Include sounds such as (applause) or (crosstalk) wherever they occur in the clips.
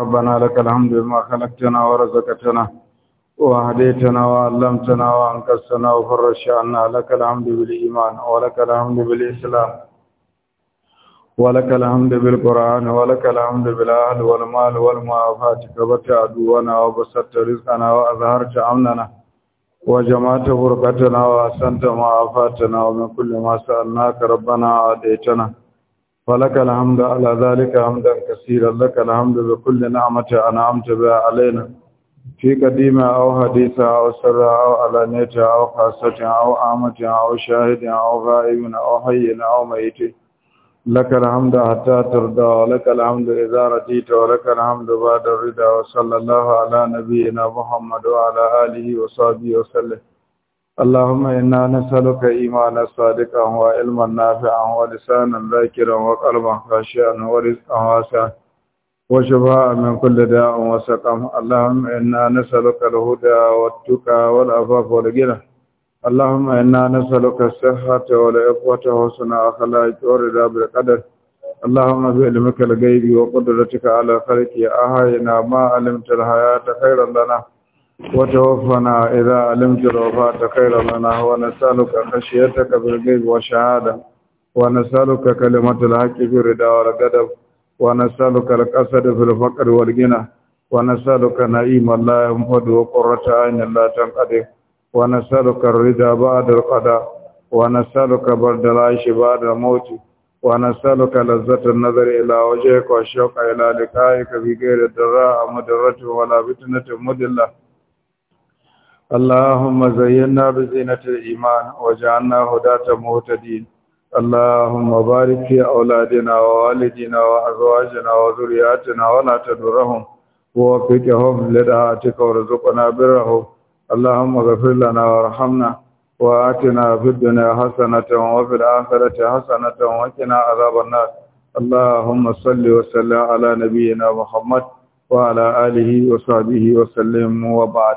ربنا لك الحمد بما خلقتنا ورزقتنا وهديتنا وعلمتنا وانقذتنا وفرشنا لك الحمد بالإيمان ولك الحمد بالإسلام ولك الحمد بالقرآن ولك الحمد بالأهل والمال والمعافات كبت عدونا وبسطت رزقنا وأظهرت أمننا وجمعت فرقتنا وأحسنت معافاتنا ومن كل ما سألناك ربنا عاديتنا فلك الحمد على ذلك حمدا كثيرا لك الحمد بكل نعمة أنعمت بها علينا في قديمة أو حديثة أو سرة أو علانية أو خاصة أو عامة أو شاهد أو غائب أو حي أو ميت لك الحمد حتى ترضى ولك الحمد إذا رضيت ولك الحمد بعد الرضا وصلى الله على نبينا محمد وعلى آله وصحبه وسلم اللهم إنا نسألك إيمانا صادقا وعلما نافعا ولسانا ذاكرا وقلبا خاشعا ورزقا واسعا وشفاء من كل داء وسقم اللهم إنا نسألك الهدى والتقى والعفاف والغنى اللهم إنا نسألك الصحة والعفوة وحسن أخلاق ورضا بالقدر اللهم بعلمك الغيب وقدرتك على خلقك أحينا ما علمت الحياة خيرا لنا وتوفنا إذا علمت الوفاة خيرا لنا ونسألك خشيتك بالغيب وشهادة ونسألك كلمة الحق في الرضا والقدب ونسألك الأسد في الفقر والغنى ونسألك نعيم الله ينفد وقرة عين لا تنقضي ونسألك الرضا بعد القضاء ونسألك برد العيش بعد الموت ونسألك لذة النظر إلى وجهك والشوق إلى لقائك بغير الدراء مدرة ولا فتنة مضلة اللهم زيننا بزينة الإيمان وجعلنا هداة مهتدين اللهم بارك في أولادنا ووالدنا وأزواجنا وذرياتنا ولا تدرهم ووفقهم لدعاتك ورزقنا برهم اللهم غفر لنا ورحمنا وآتنا في الدنيا حسنة وفي الآخرة حسنة وكنا عذاب النار اللهم صل وسلم على نبينا محمد وعلى آله وصحبه وسلم وبعد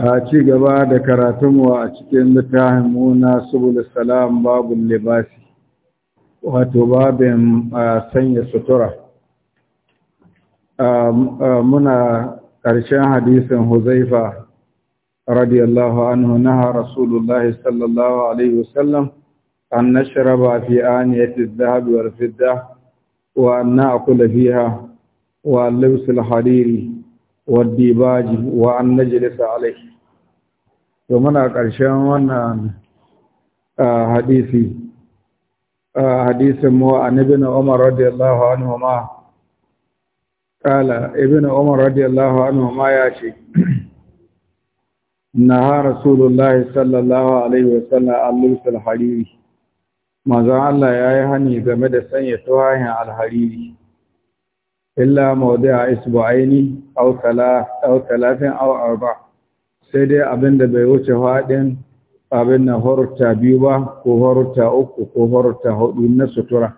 a ci gaba da karatunmu a cikin littafin muna subul salam babu libasi wato babin sanya sutura muna ƙarshen hadisin huzaifa radiyallahu anhu naha rasulullah sallallahu alaihi wasallam an nashraba fi aniyati adh-dhahab fidda wa an na'kula fiha wa al hadiri waddibaji wa an najlisa alaihi to muna ƙarshen wannan hadisi hadisin mu na Umar radiyallahu anhu ma Ƙala, kala na Umar radiyallahu anhu ma ya ce naha rasulullahi sallallahu alaihi wasallam al-lubs al-hariri manzon Allah ya yi hani game da sanya tuwahin al-hariri illa mawdi'a isbu'aini aw tala aw aw arba sai dai abinda bai wuce fadin abin na horta biyu ba ko horta uku ko horta hudu na sutura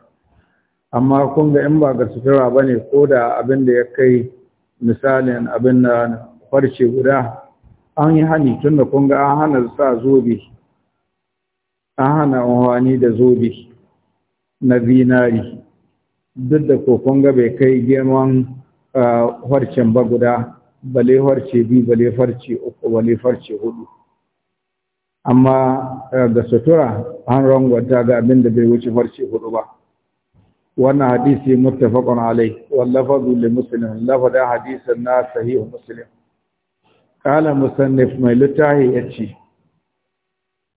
amma kun ga in ba ga sutura bane ko da abin da ya kai misalin abin na farce guda an yi hani tun da kun ga an hana sa zobe an hana wani da zobe na zinari duk da kokon ga bai kai girman harcen ba guda bale harce biyu bale farce uku bale farce hudu amma ga sutura an rangwata ga abin da bai wuce farce hudu ba wannan hadisi muttafaqun alai wallafazu li muslim lafada hadisan na sahih muslim qala musannif mai lutahi yace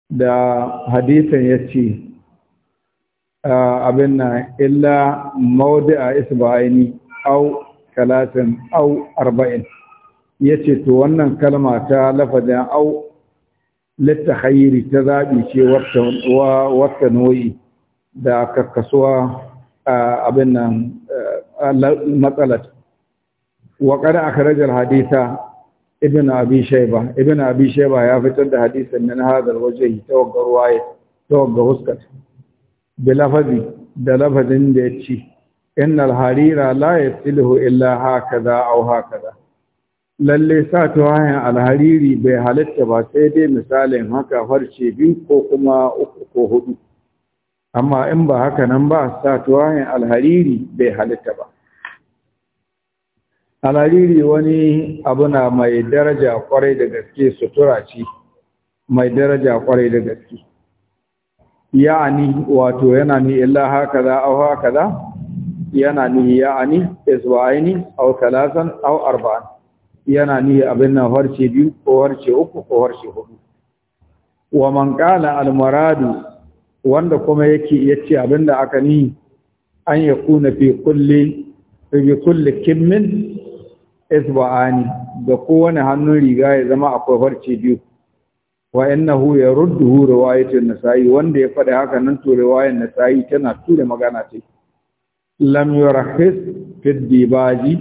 da hadisan yace abin na illa maudu'a isba'aini au talatin au arba'in ya ce to wannan kalma ta lafazin au hayiri ta zaɓi ce wata noyi da karkasuwa abin nan matsalat waƙar karajar hadisa ibn abi shaiba ibn abi shaiba ya fitar da hadisan nan hadar waje ta wagga waye ta wagga huskata Bilafazi da lafazin da ya ci, innal harira la yasiluhu illa hakaza aw hakaza lalle sa tuwayen alhariri bai halitta ba sai dai misalin haka farce biyu ko kuma uku ko hudu amma in ba haka nan ba sa tuwayen alhariri bai halitta ba alhariri wani abu na mai daraja kwarai da gaske sutura ce mai daraja kwarai da gaske ya'ani wato yana ni illa haka za au haka za yana ni ya'ani isba'aini au talasan au arba'an yana ni abin nan harshe biyu ko harshe uku ko harshe hudu wa man qala al maradu wanda kuma yake yace abinda aka ni an yakuna fi kulli fi kulli kimmin isba'ani da kowane hannun riga ya zama akwai harshe biyu wa innahu yarudduhu riwayatun nasa'i wanda ya faɗi haka nan to riwayar nasa'i tana tura magana ce lam yurahis fi dibaji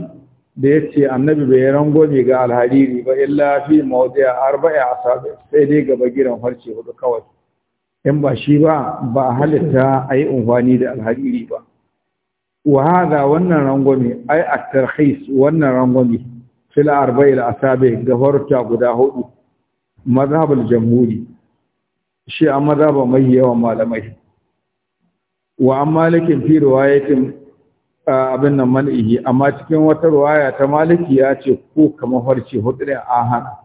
da yace annabi bai rangwami ga alhariri ba illa fi mawdi'a arba'i asab sai dai gaba giran farce hudu kawai in ba shi ba ba halitta ayi unfani da alhariri ba wa hada wannan rangwami, ai at-tarhis wannan rangwame fil arba'il asabi gafarta guda hudu mazhabul jamhuri shi an mazhaba mai yawan malamai wa an malikin fi riwayatin abin nan man'ihi amma cikin wata ruwaya ta maliki ya ce ko kamar farce hudu da hana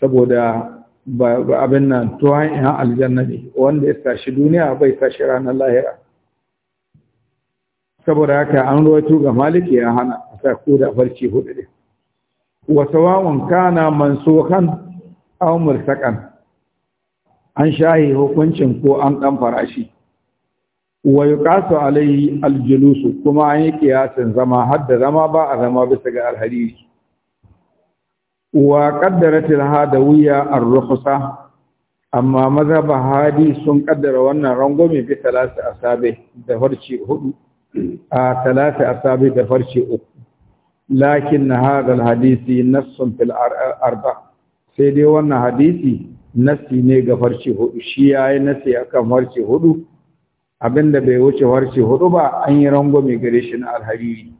saboda abin nan tuwan ihan aljanna ne wanda ya tashi duniya bai tashi ranar lahira saboda haka an ruwaito ga maliki ya hana a sa ko da farce hudu ne wa na kana mansukan aw murtaqan an shahi hukuncin ko an ɗan farashi wa yuqasu alaihi aljulusu kuma an yi kiyasin zama har da zama ba a zama bisa ga alhariri wa qaddaratil hadawiya ar kusa, amma ba hadi sun ƙaddara wannan rangwame bi a asabe da farce hudu a a asabe da farce uku lakin hadha hadisi nassun fil arba sai dai wannan hadisi nasi ne ga farce hudu shi ya yayi a akan farce hudu abinda bai wuce farce hudu ba an yi rangwame gare shi na alhariri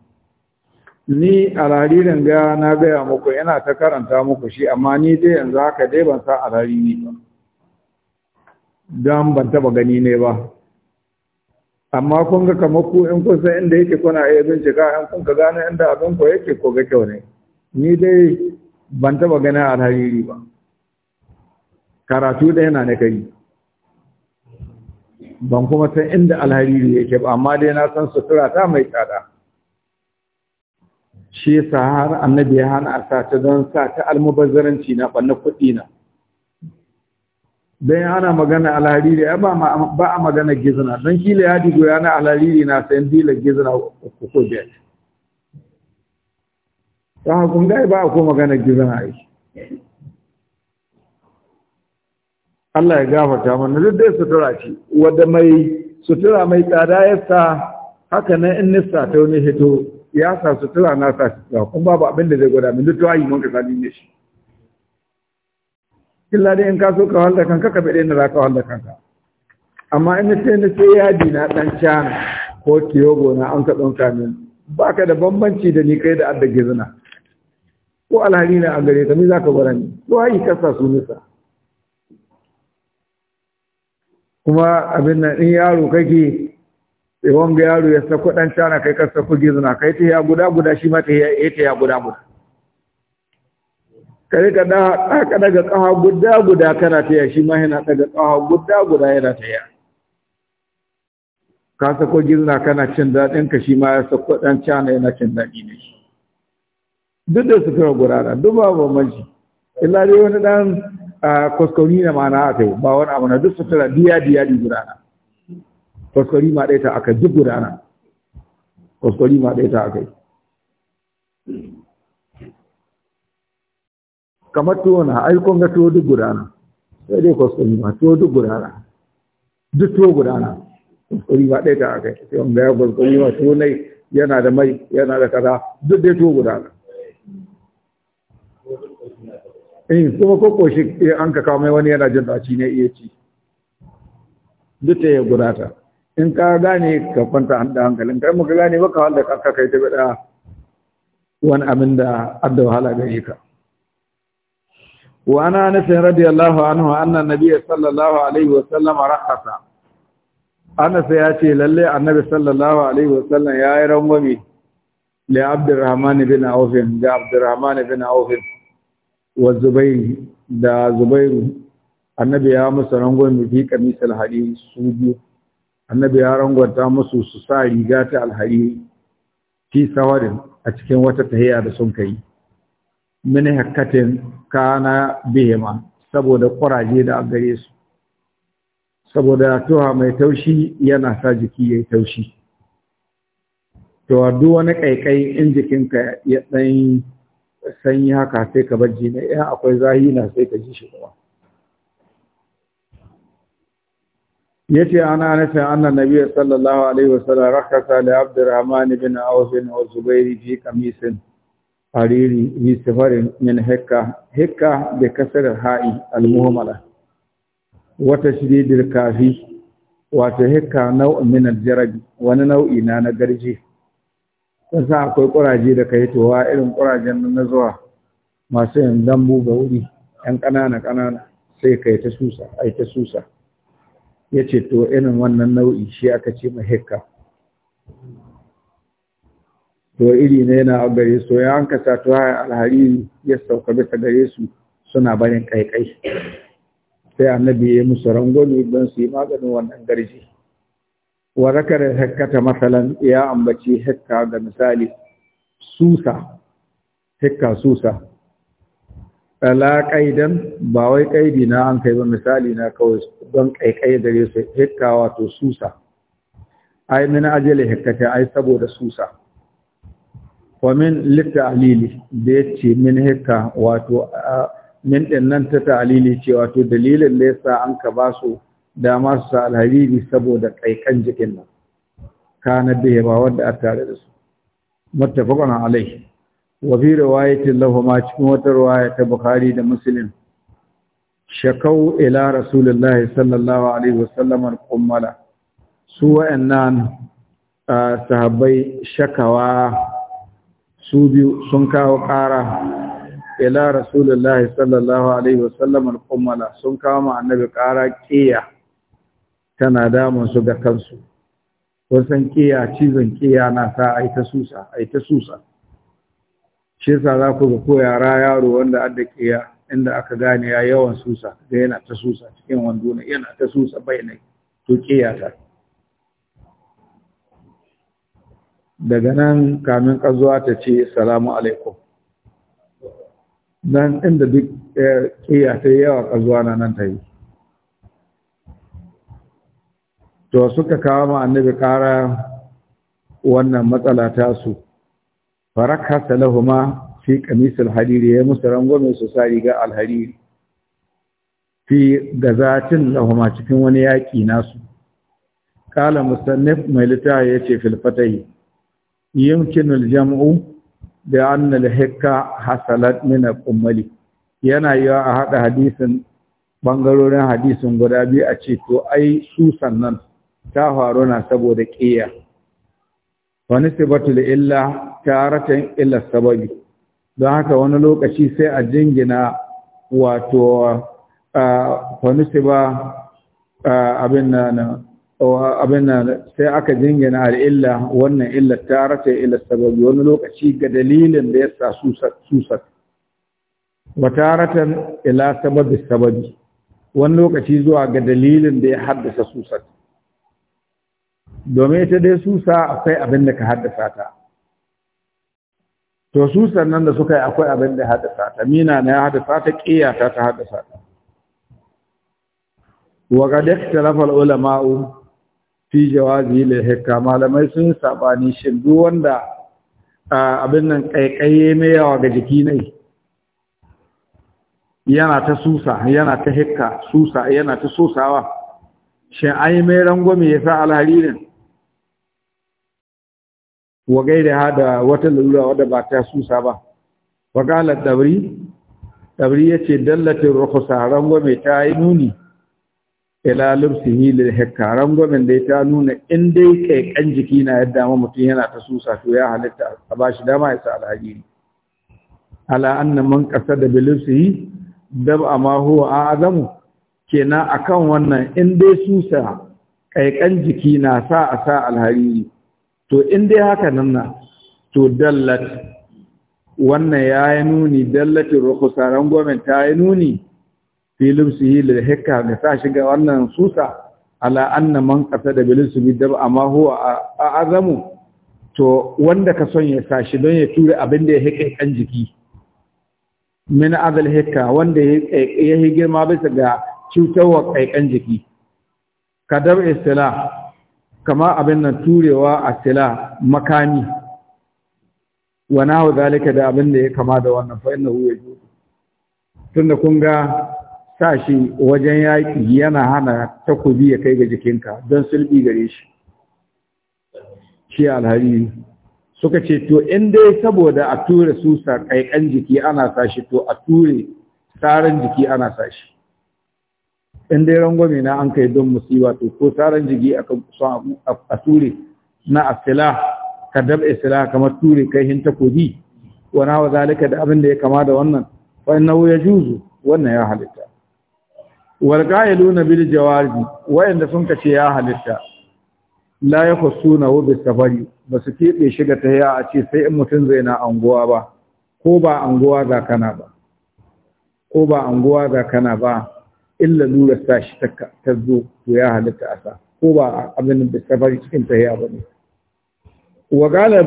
ni alharirin ga na gaya muku yana ta karanta muku shi amma ni dai yanzu haka dai ban sa alhariri ba don ban taba gani ne ba amma kun ga kamar ku in kun san inda yake kuna iya bincika in kun ka gane inda abin ku yake ko ga kyau ne ni dai ban taba ganin alhariri ba karatu da yana na kai ban kuma san inda alhariri yake ba amma dai na san sutura ta mai tsada shi yasa har annabi ya hana a ta don sa ta almubazzaranci na ɓanna kuɗi na don ana magana alhariri ba a magana gizna don kila ya digo yana alhariri na sayan dila gizna uku ko biyar ta hakun gai ba ko magana gizon aiki Allah ya gafarta mana duk dai sutura ce wanda mai sutura mai tsada ya sa haka nan in nista ta wani hito ya sa sutura na sa sutura kuma babu abin da zai gwada min duk tawayi mun ka sani ne shi illa dai in ka so ka wanda kanka ka bade ni za ka wanda kanka amma in sai ni sai yadi na dan cana ko kiyogo na an ka tsunka min baka da bambanci da ni kai da adda gizana. ko alhari na a gare ta me za ka bara ni ko ai kasa su nisa kuma abin nan in yaro kake sai eh, wanga yaro ya sa dan cana kai ka sako gizna kai ta ya guda guda shi ma ta ya ta ya guda guda kare ka da aka daga kaha guda guda kana ta ya shi ma yana daga kaha guda guda yana ta ya ka sako gizna kana cin dadin ka shi ma ya sa dan cana yana cin dadi ne shi duk da suka gurara duk ba bambanci illa dai wani dan kwaskwari na mana aka yi ba wani abu na duk sutura diya diya di gudana, kwaskwari ma ɗaya ta aka duk gudana, kwaskwari ma ɗaya ta aka yi kamar tuwo na aikon ga tuwo duk gudana sai dai kwaskwari ma tuwo duk gudana duk tuwo gudana kwaskwari ma ɗaya ta aka yi sai wanda ya kwaskwari ma tuwo nai yana da mai yana da kaza duk dai tuwo gudana in eh, kuma ko shi eh, an ka kawo mai wani yana jin daci ne iya ci duk da ya gudata in ka gane ka kwanta an da hankalin kai muka gane baka wanda ka kai ta bada wani abin da adda wahala gare ka wa ana nufin radiyallahu anhu annan nabiyyi sallallahu alaihi wa sallam rahasa anas ya ce lalle annabi sallallahu alaihi wa sallam ya yi rangwame li abdurrahman bin auf abdurrahman bin Awfin. wa Zubairu da Zubairu annabi ya musu rangon fi kamis alhari su biyu annabi ya rangwanta musu su sa riga ta alhari fi sawarin a cikin wata tahiya da sun kai min hakkatin kana bihima saboda kuraje da a gare su saboda tuha mai taushi yana sa jiki ya taushi to duk wani kaikai in jikinka ya ɗan sanyi haka sai ka bar jini ɗaya akwai zahi na sai ka ji shi kuma ya ce ana nufin annan nabi sallallahu alaihi wasallam rakasa da abdurrahman bin awfin wa zubairi fi kamisin hariri bi sifarin min hekka hekka da kasar ha'i al-muhammala wata shiridir kafi wata hekka nau'in min jarabi wani nau'i na na garji don sa akwai ƙuraje da ka yi towa irin ƙurajen nan na zuwa masu yin dambu ga wuri ‘yan ƙanana ƙanana sai ka yi ta susa ai ta susa ya ce to irin wannan nau'i shi aka ce ma hekka. to iri na yana gare su ya an kasa to alhariri ya sauka bisa gare su suna barin kaikai sai annabi ya musu rangwani don su yi maganin wannan garji wa zakara hakkata masalan ya ambaci hakka ga misali susa hakka susa ala kaidan ba wai kaidi na an kai ba misali na kawai don kaikai da su hakka wato susa ai min ajali hakkata ai saboda susa wa min litalili da yace min hakka wato min din nan ta talili ce wato dalilin da yasa an ka ba su da masu sa alhariri saboda ƙaiƙan jikin nan kana da ba wanda a tare da su muttafaqun alaihi wa fi riwayatin lahuma cikin wata riwaya ta bukhari da muslim shakau ila rasulullah sallallahu alaihi wasallam al-qummala su wa'annan sahabbai shakawa su biyu sun kawo ƙara ila rasulullahi sallallahu alaihi wasallam al-qummala sun kawo ma annabi ƙara ƙiya tana damun su ga kansu wasan kiya cizon kiya na sa ai ta susa ai ta susa shi yasa za ku ga ko yara yaro wanda adda kiya inda aka gane ya yawan susa da yana ta susa cikin wando yana ta susa bainai to kiya ta daga nan kamin kazuwa ta ce salamu alaikum Dan inda duk kiya eh, ta yawa kazuwa na nan ta yi to suka kawo ma annabi ƙara wannan matsala ta su farakasa lahuma fi kamisul hariri ya musu rangwame su sa riga alhariri fi gazatin lahuma cikin wani yaƙi nasu kala musannif mai littafi ya ce filfatai yimkinul jam'u da annal hikka hasalat mina al yana yi a haɗa hadisin bangarorin hadisin guda biyu a ce to ai su sannan ta faru na saboda ƙiyya wani da illa rata illa sababi don haka wani lokaci sai a jingina wato wani saba abin na abin sai aka jingina al'illa wannan illa ta rata illa sababi wani lokaci ga dalilin da ya sa susat wata ratan ila sababi sababi wani lokaci zuwa ga dalilin da ya haddasa susat domin ita dai susa akwai abin da ka haddasa ta to susan nan da suka yi akwai abin da haddasa ta mina na ya haddasa ta ƙiyata ta haddasa ta wa ga da ikhtilafal ulama'u fi jawazi lil hikka malamai sun sabani shin duk wanda abin nan kaikaye mai yawa ga jiki ne yana ta susa yana ta hikka susa yana ta sosawa shin ai mai rangwame ya sa alharirin wa gairaha da wata lalura wadda ba ta susa ba wa qala dabri ya yace dallatin rukusa rangwame ta yi nuni ila lubsihi lil rangwamen da ta nuna in dai kaikan jiki na yadda ma mutum yana ta susa to ya halitta a bashi dama ya sa alhaji ala anna man su yi dab dab'a maho huwa a'zamu kenan akan wannan in dai susa kaikan jiki na sa a sa alhariri to in dai haka nan na to dallat wannan ya yi nuni dallatin rukusa rangwamen ta yi nuni filin su yi da hekka ga sa shiga wannan susa ala anna man kasa da bilin su bi daba amma huwa a azamu to wanda ka son ya sa shi don ya tura abin da ya hekka kan jiki min azal hekka wanda ya yi girma bisa ga cutarwa kaikan jiki kadar istila kama abin nan turewa a sila makami wa nahu zalika da abin da ya kama da wannan fa innahu yajuz tunda kun ga sashi wajen yaƙi yana hana takobi ya kai ga jikinka don sulbi gare shi shi alhari suka ce to in dai saboda a ture su sa kaikan jiki ana sashi to a ture tsarin jiki ana sashi in dai rangwame na an kai don musiba to ko saran jigi aka so a ture na asila ka dab kamar ture kai hin takobi wa na zalika da abin da ya kama da wannan fa ya yajuzu wannan ya halitta wal qailuna bil jawazi inda sun kace ya halitta la yakhsuna hu bis safari basu kebe shiga ta ya a ce sai in mutum zai na anguwa ba ko ba anguwa ga kana ba ko ba anguwa ga kana ba Illa nura sa shi ta zo to ya halitta a sa ko ba a abin da ta fari cikin ta ba ne wa gane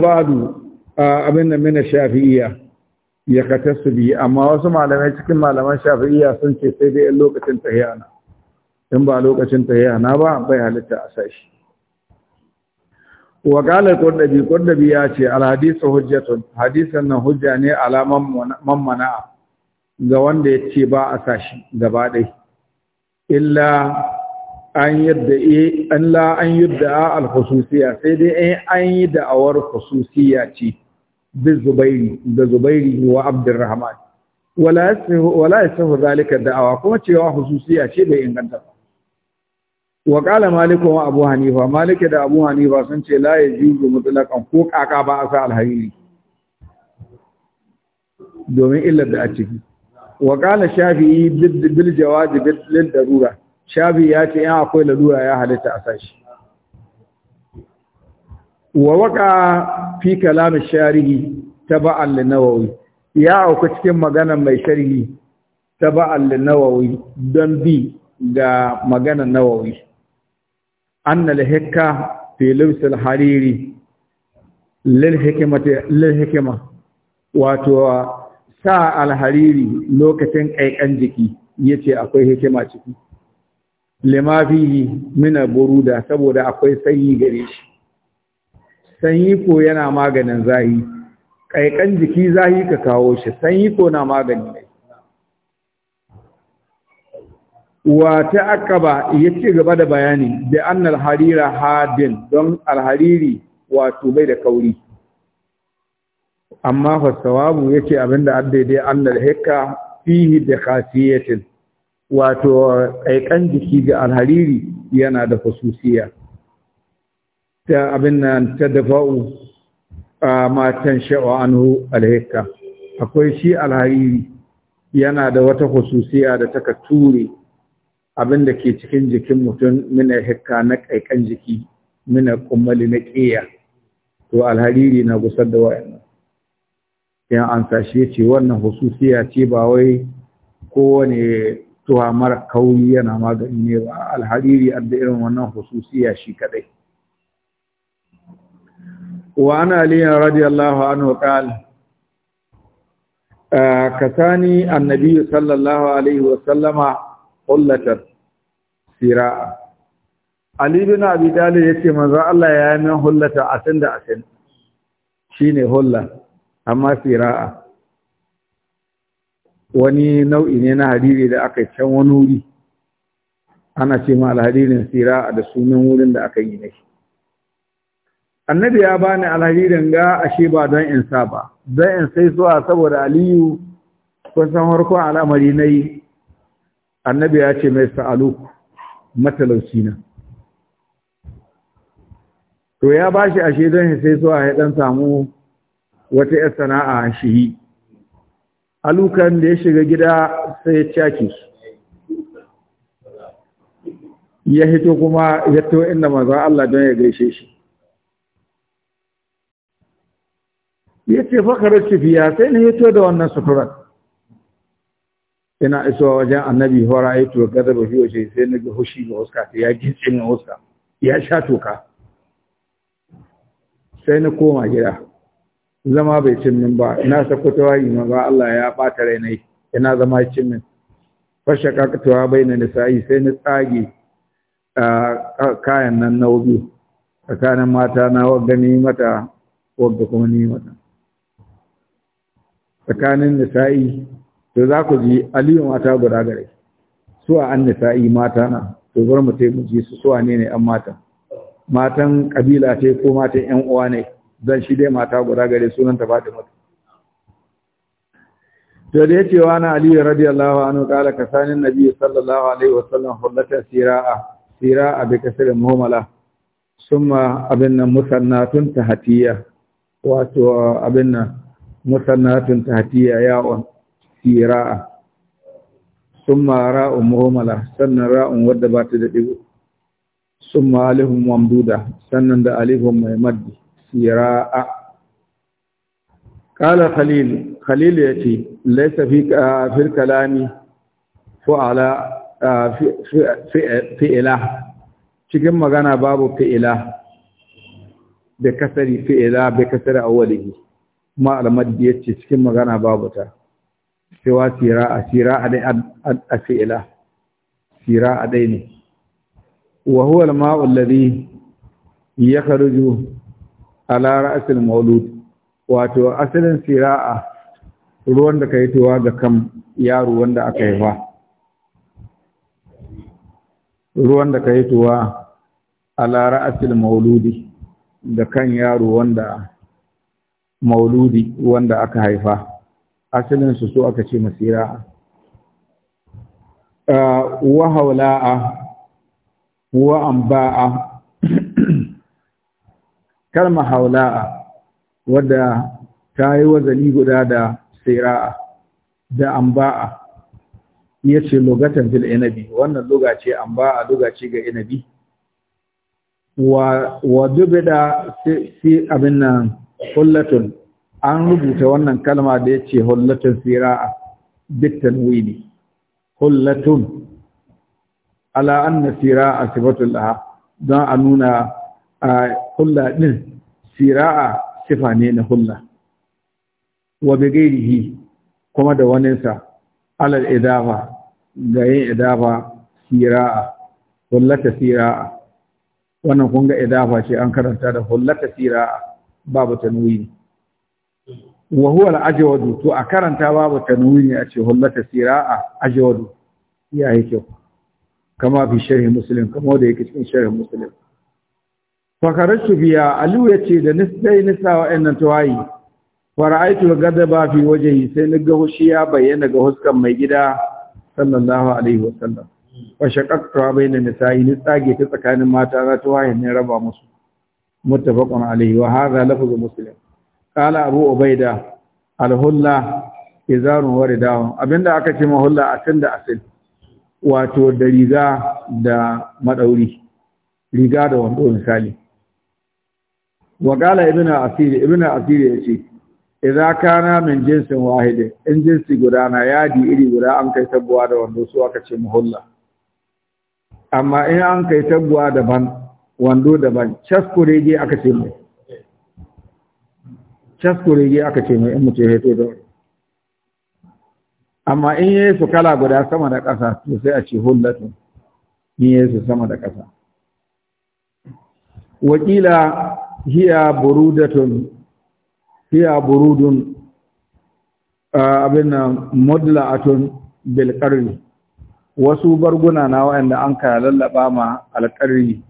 a abin da mina shafi'iyya ya su biyu amma wasu malamai cikin malaman shafi'iyya sun ce sai dai in lokacin tahiya na in ba lokacin tahiya na ba bai halitta a shi wa gane kurdabi kurdabi ya ce alhadisu hujjatun hadisan nan hujja ne alaman mammana ga wanda ya ce ba a sashi gaba ɗaya illa an yadda Allah e, an yadda al-khususiyya sai dai eh, an yi da'awar khususiyya ce bi Zubairi da Zubairi wa Abdurrahman wala yasahu wala yasahu zalika da'awa kuma cewa khususiyya ce bai inganta ba wa qala malik wa abu hanifa malik da abu hanifa sun ce la yajuzu mutlaqan ko kaka ba a sa alhairi domin illar da a ciki Waƙala qala shafi'i bil jawaz bil darura ya ce in akwai lalura ya halitta a sashi wa waka fi kalam sharihi taba'an linawawi ya auku cikin maganar mai sharhi taba'an linawawi don bi ga maganar nawawi anna al-hikka fi lubs hariri lil hikmati wato sa alhariri lokacin ƙaiƙan jiki ya ce akwai hikima ciki limafihi mina buruda saboda akwai sanyi gare shi sanyi ko yana maganin zahi ƙaiƙan jiki zahi ka kawo shi sanyi ko na magani ne wata akaba ya ci gaba da bayani da annal harira hadin don alhariri wato bai da kauri amma fa sawabu yace abinda abdaidai annal hikka fihi da khasiyatin wato aikan jiki ga alhariri yana da khususiya ta abin nan ta dafa'u matan sha'wa anhu alhikka akwai shi alhariri yana da wata khususiya da taka ture abin da ke cikin jikin mutum mina hikka na kaikan jiki mina kummali na ƙeya to alhariri na gusar da wayan yan an shi ya ce wannan hususiya ce ba wai kowane tuha mara kauri yana magani ne ba alhariri adda irin wannan hususiya shi kadai wa ana aliyan radiyallahu anhu qala kasani annabi sallallahu alaihi wa sallama qullatat sira'a ali ibn abi talib yace manzo Allah ya yi min a asin da a Shi ne hullata amma sira'a wani nau'i ne na hariri da aka can wani wuri ana ce ma alharirin sira'a da sunan wurin da aka yi nashi annabi ya bani alharirin ga ashe ba don in sa ba don in sai zuwa saboda aliyu kun san harkon al'amari na yi annabi ya ce mai sa'aluku matalauci na to ya bashi ashe don in sai zuwa ya dan samu wata ‘yar sana'a yi alukan da ya shiga gida sai ya caki ya hito kuma ya to inda maza Allah don ya gaishe shi ya ce fakarar cifiya sai na hito da wannan suturar ina isowa wajen annabi hora ya to gada ba fi wace sai na ga hushi ga huska ya gitse min huska ya sha toka sai na koma gida zama bai cin min ba ina sakwatawa yi ma ba Allah ya ɓata rainai ina zama cimmin min fashe kakatuwa bai na nisa'i sai na tsage kayan nan na wubi tsakanin mata na wagga ni mata wagga kuma ni mata tsakanin nisa'i to za ku ji aliyu mata guda gare su a an nisa'i mata na to bar mu taimaki su, su suwa ne ne an mata matan kabila ce ko matan yan uwa ne Zan shi dai mata guda gare sunan ta faɗi mata to da yace wa na ali radiyallahu anhu qala kasanin nabi sallallahu alaihi wasallam hulata sira'a sira'a bi kasr muhammala summa abinna musannatun tahatiya wato abinna musannatun tahtiya yawon sira'a summa ra'un muhammala sannan ra'un wadda ba ta da digo summa alihum mamduda sannan da alihum mai maddi sira'a khalil ya ce laisa fil kalami fu'ala fi'ila cikin magana babu fi'ila da kasari fi'ila bai kasari awwalihi ma al-maddi yace cikin magana babu ta cewa sira'a sira'a a fi'ila sira'a dai ne wa huwa al-ma'u alladhi yakhruju ala ra'sil maulud wato asalin sira'a ruwan da ka yi ga kan yaro wanda aka haifa ruwan da ka yi ala ra'sil mauludi da kan yaro wanda mauludi wanda aka haifa asalin su su aka ce masira'a ah, wa haula'a wa amba'a kalma haula'a wadda ta yi wazani guda da sira'a da amba'a ya ce logatan fil inabi wannan luga ce amba'a luga ce ga inabi wa da fi abin nan hullatun an rubuta wannan kalma da ya ce hullatun sira'a bittan wili hullatun ala'an na sira'a sifatun laha don a nuna a hulla din sira'a sifa ne na hulla wa bi ghairihi kuma da waninsa alal idafa ga yin idafa sira'a hullata sira'a wannan kun ga idafa ce an karanta da hullata sira'a babu tanwini wa huwa al-ajwadu to a karanta babu tanwini a ce hullata sira'a ajwadu ya yake kama fi sharhi muslim kama da yake cikin sharhi muslim fakararsu biya aliyu ya ce da nisai nisa nan tawayi gada ba fi yi sai na gaushi ya bayyana ga huskan mai gida sallallahu alaihi wasallam wa shaqaqtu baina nisa'i ni tsage ta tsakanin mata na tawayi ne raba musu muttafaqun alaihi wa hadha lafzu muslim qala abu ubaida Alhulla hulla izarun wari abinda aka ce ma mahulla asin da asin. wato da riga da madauri riga da wando misali wa qala ibnu asir ibnu asir yace idza kana min jinsin wahid in jinsi guda na yadi iri guda an kai tabbuwa da wando su aka ce muhulla amma in an kai tabbuwa daban wando daban chaskurege aka ce mai chaskurege aka ce mai in mu ce heto da wani amma in yayi su kala guda sama da ƙasa to sai a ce hullatun in yayi su sama da ƙasa wakila hiya burudatun hiya burudun abin nan mudla'atun bil wasu barguna na wa'anda an ka lallaba ma alƙarri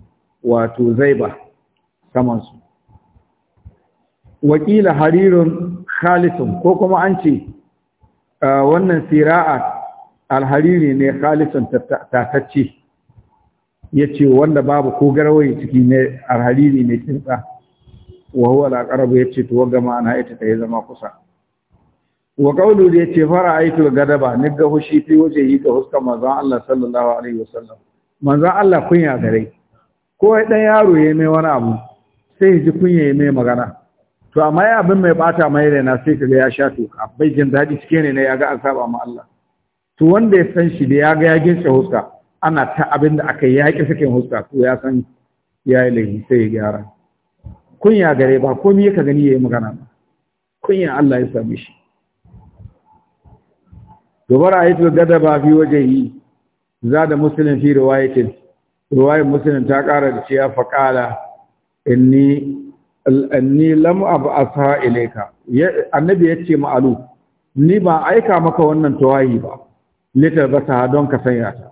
wato zaiba kaman su wakila harirun khalisun ko kuma an ce wannan sira'a alhariri ne khalisun tatacce ce, wanda babu ko garwaye ciki ne alhariri ne tsintsa wa huwa al-aqrab yace to ga ma'ana ita ta zama kusa wa qawlu da yace aitu gadaba ni ga hushi fi waje yi ga huska manzo Allah sallallahu alaihi wasallam manzo Allah kunya gare ko dan yaro yayi mai wani abu sai ya ji kunya yayi mai magana to amma ya abin mai bata mai rena sai ka ga ya sha ka. bai jin dadi cike ne na ya ga an saba ma Allah to wanda ya san shi da ya ga ya gince huska ana ta abin da aka yaki yaƙi sakin huska to ya san ya yi laifi sai ya gyara kunya gare ba komai ka gani yayi magana ba kunya Allah ya same shi dubara ayatul gadaba fi wajhi zada muslim fi riwayatin riwayar muslim ta kara da cewa faqala inni anni lam ab'atha ilayka annabi yace ma'alu ni ba aika maka wannan tawayi ba ba ta don ka sanya ta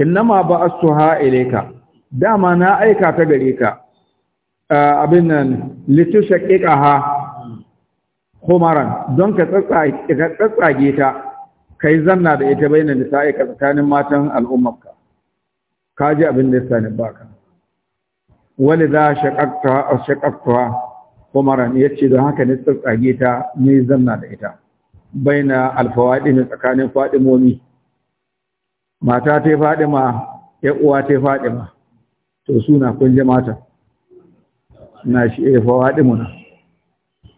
innama ba'athuha ilayka dama na aika ta gare ka Ah, abin nan litusha ƙiƙaha homaran, don ka tsatsage ta ka yi zanna da ita bai na nisa'i ka tsakanin matan al'ummarka ka ji abin da ya sani baka wani za shaƙaƙtuwa homaran ya ce don haka ne tsatsage ta ne zanna da ita bai na alfawaɗi ne tsakanin faɗimomi mata ta yi faɗima uwa ta yi faɗima to suna kun ji mata’ na shi ya eh, fa muna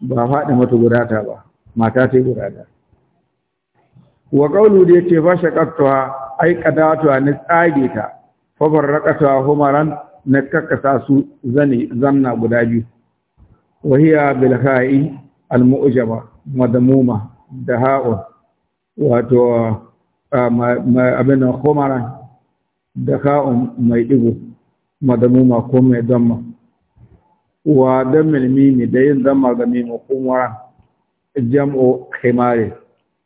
ba faɗi mata gudata ba mata ta yi gudata wa ƙaunu da ya ce ba shaƙattuwa ai ƙadatuwa na tsage ta fafar raƙatuwa humaran na kakkasa su zane zanna guda biyu wahiya bilha'i al-mu'jama madamuma da ha'un wato abin da humaran da ha'un mai digo madamuma ko mai damma wa damil mimi da yin zama ga mimu kumaran jam'u khimari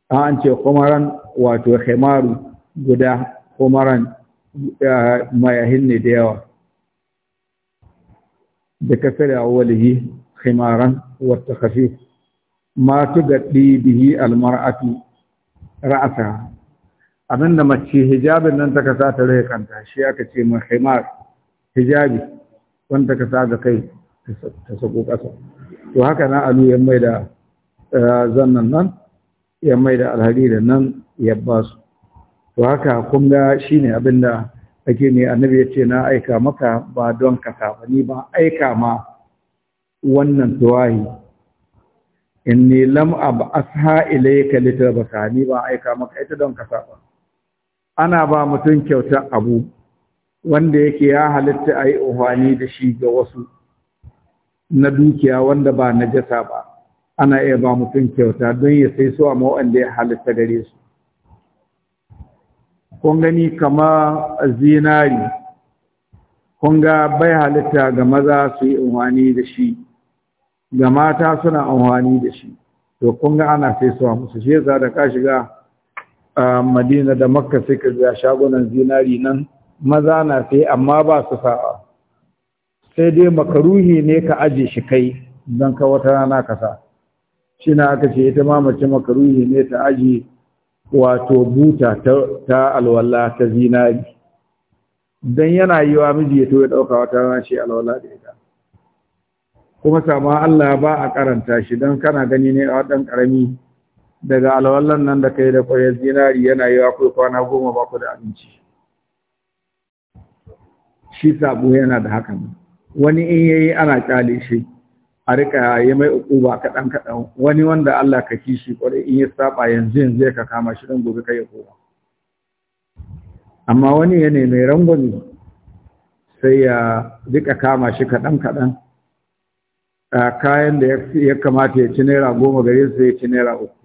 an ce kumaran wato khimaru guda kumaran mayahin ne da yawa da kasar awalihi khimaran wa khafi ma tugaddi bihi almar'atu ra'asa abinda mace hijabin nan ta kasa ta rai kanta shi aka ce mai khimar hijabi wanda ka sa ga kai ta sako ƙasa to haka na alu ya mai da eh, zannan nan ya mai da alhari da nan ya ba su to haka kun ga ne abin da ake ne annabi ya ce na aika maka ba don ka kafa ni ba aika ma wannan tuwahi ne lam ab'asha ba, ka ni ba aika maka ita don ka kafa ana ba mutum kyauta abu wanda yake ya halitta a yi da shi ga wasu na dukiya wanda ba na jasa ba ana iya ba mutum kyauta don ya sai su a mawanda ya halitta gare su kun gani kama zinari kun ga bai halitta ga maza su yi amfani da shi ga mata suna amfani da shi to kun ga ana sai su a musu shi yasa da ka shiga a madina da makka sai ka ga shagunan zinari nan maza na sai amma ba su sa'a sai dai makaruhi ne ka aje shi kai don ka wata rana ka sa shi na aka ce ita ma mace makaruhi ne ta aje wato buta ta alwala ta zinari don yana yi wa miji ya to ɗauka wata rana shi alwala da ita kuma sama Allah ba a karanta shi don kana gani ne a waɗan ƙarami daga alwallan nan da kai da kwayar zinari yana yi wa kwana goma ba da abinci shi sabu yana da haka ne wani in yayi ana kyale shi a rika ya mai ukuba kaɗan kaɗan wani wanda Allah ka kishi kwarai in ya saba yanzu yanzu ya ka kama shi don gobe ka yi kowa. amma wani ya ne mai sai ya rika kama shi kaɗan kaɗan kayan da ya kamata ya ci naira goma gare su ya ci naira uku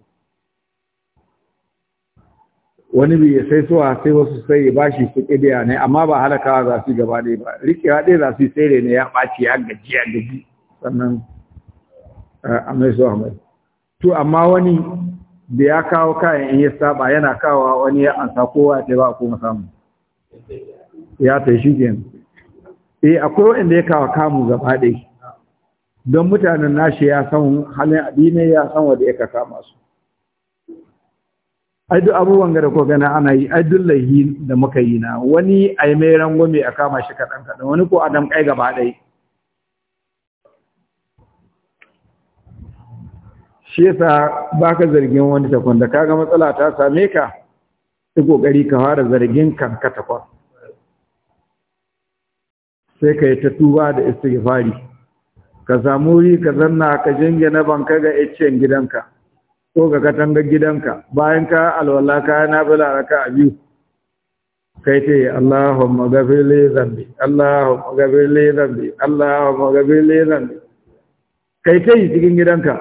wani bai sai suwa sai wasu sai ya bashi su kidiya ne amma ba halakawa za su gaba ɗaya ba ya ɗaya za su sai ne ya ɓaci ya gaji ya gaji sannan eh, a mai suwa mai to amma wani da ya kawo kayan in ya saba yana kawo wani ya ansa kowa ya ba ko samu ya ta shi kenan eh akwai wanda ya kawo kamu gaba ɗaya don mutanen nashi ya san halin abinai ya san wanda ya kama su ai duk abubuwan da ko gana ana yi ai duk laihi da muka yi na wani ai mai rangwame a kama shi kaɗan kaɗan wani ko adam kai gaba ɗai shi yasa baka zargin wani takwan da kaga matsala ta same ka ta kokari ka fara zargin kan ka takwan sai ka yi ta tuba da istighfari ka samu wuri ka zanna ka jingina banka ga iccen gidanka ko ga katangar gidanka bayan ka alwala ka na bila raka a biyu kai ce Allahumma gafir li zambi Allahumma gafir li zambi Allahumma gafir li zambi kai ta yi cikin gidanka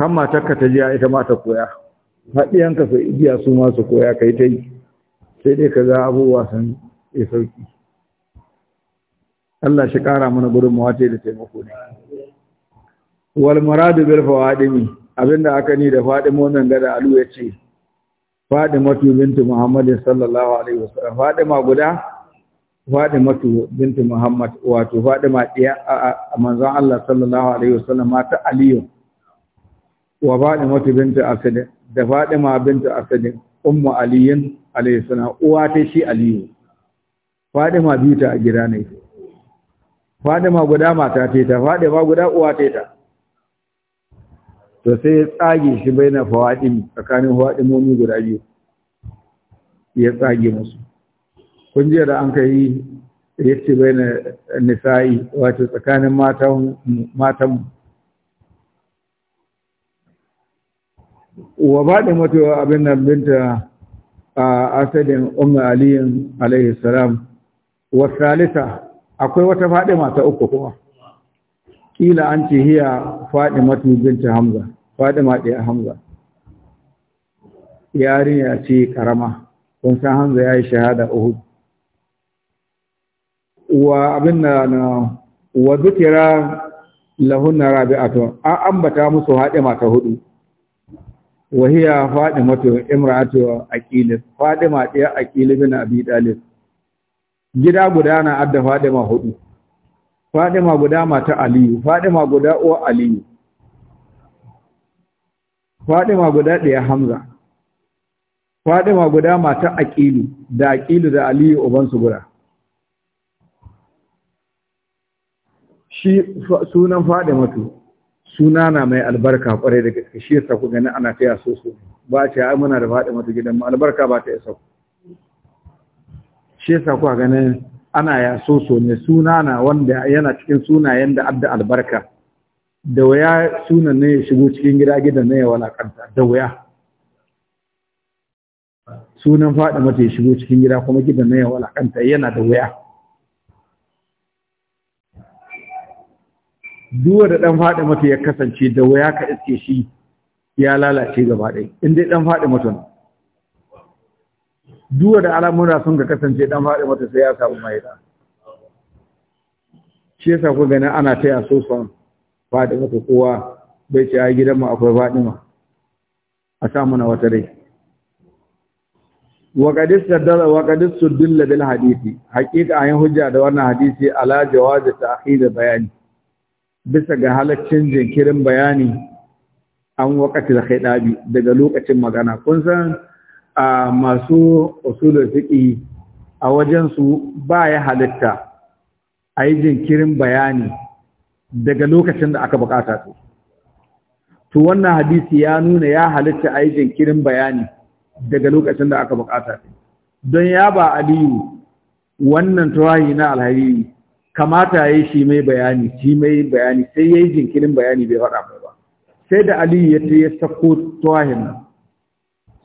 har takka ta jiya ita ma ta koya haɗiyanka su igiya su ma su koya kai ta yi sai dai ka ga abubuwa sun yi sauki Allah shi ƙara mana gudunmawa ce da taimako ne. wal muradu bil fawadimi abinda aka ni da nan gada alu yace tu bintu muhammad sallallahu alaihi wasallam fadima guda tu bintu muhammad wato fadima diya manzon Allah sallallahu alaihi wasallam mata aliyu wa tu bintu asad da fadima bintu asad ummu aliyin alaihi salam uwa ta shi aliyu fadima biyu ta a gida ne fadima guda mata ta ta fadima guda uwa ta to sai ya tsage shi bai na fawaɗin tsakanin fawaɗimomi guda biyu ya tsage musu kun jiya da an ka yi ya ce bai na nisa'i wato tsakanin matan wa da mata abin nan binta a asadin umar aliyin alaihi salam salisa akwai wata faɗi mata uku kuma ƙila an ce hiya faɗi matu binta hamza fadima ɗaya hamza yarinya ce karama kun san hamza ya yi shahada uhud wa abin da na wa zikira lahunna rabi'atu an ambata musu fadima ta hudu wa hiya fadimatu imra'atu aqil fadima ɗaya aqil bin abi dalib gida guda na adda fadima hudu fadima guda mata aliyu fadima guda uwa aliyu Fadima guda ɗaya Hamza Fadima guda matar Aqilu da Aqilu da Aliyu ubansu guda shi sunan tu, suna na mai albarka ƙwarai da gaske shi yasa ku gani ana taya so so ba ce ai muna da Fadimatu gidan mu albarka ba ta isa shi yasa ku ganin ana ya so so ne suna na wanda yana cikin sunayen da adda albarka da waya sunan ne ya shigo cikin gida gida ne ya walakanta da waya sunan faɗi mata ya shigo cikin gida kuma gida ne ya walakanta yana da waya duwa da ɗan faɗi mata ya kasance da waya ka iske shi ya lalace gaba ɗaya in dai ɗan faɗi mata ne duwa da al'amura sun ka kasance ɗan faɗi mata sai ya samu mai da shi yasa ku gani ana taya so son faɗin ka kowa bai ce a gidan mu akwai ma. a sa mana wata rai وقد dilla وقد hadisi. Hakika حقيقه ayin hujja da wannan hadisi ala jawazi ta'khir bayani bisa ga halaccin jinkirin bayani an da khidabi daga lokacin magana kun san a masu usulul fiqi a wajen su ba ya halitta ayi jinkirin bayani daga lokacin da aka bukata su, to wannan hadisi ya nuna ya halitta a yi jinkirin bayani daga lokacin da aka bukata don ya ba aliyu wannan tawayi na alhariri kamata ya yi shi mai bayani shi mai bayani sai ya yi jinkirin bayani bai faɗa mai ba sai da aliyu ya ce ya sako tawayin nan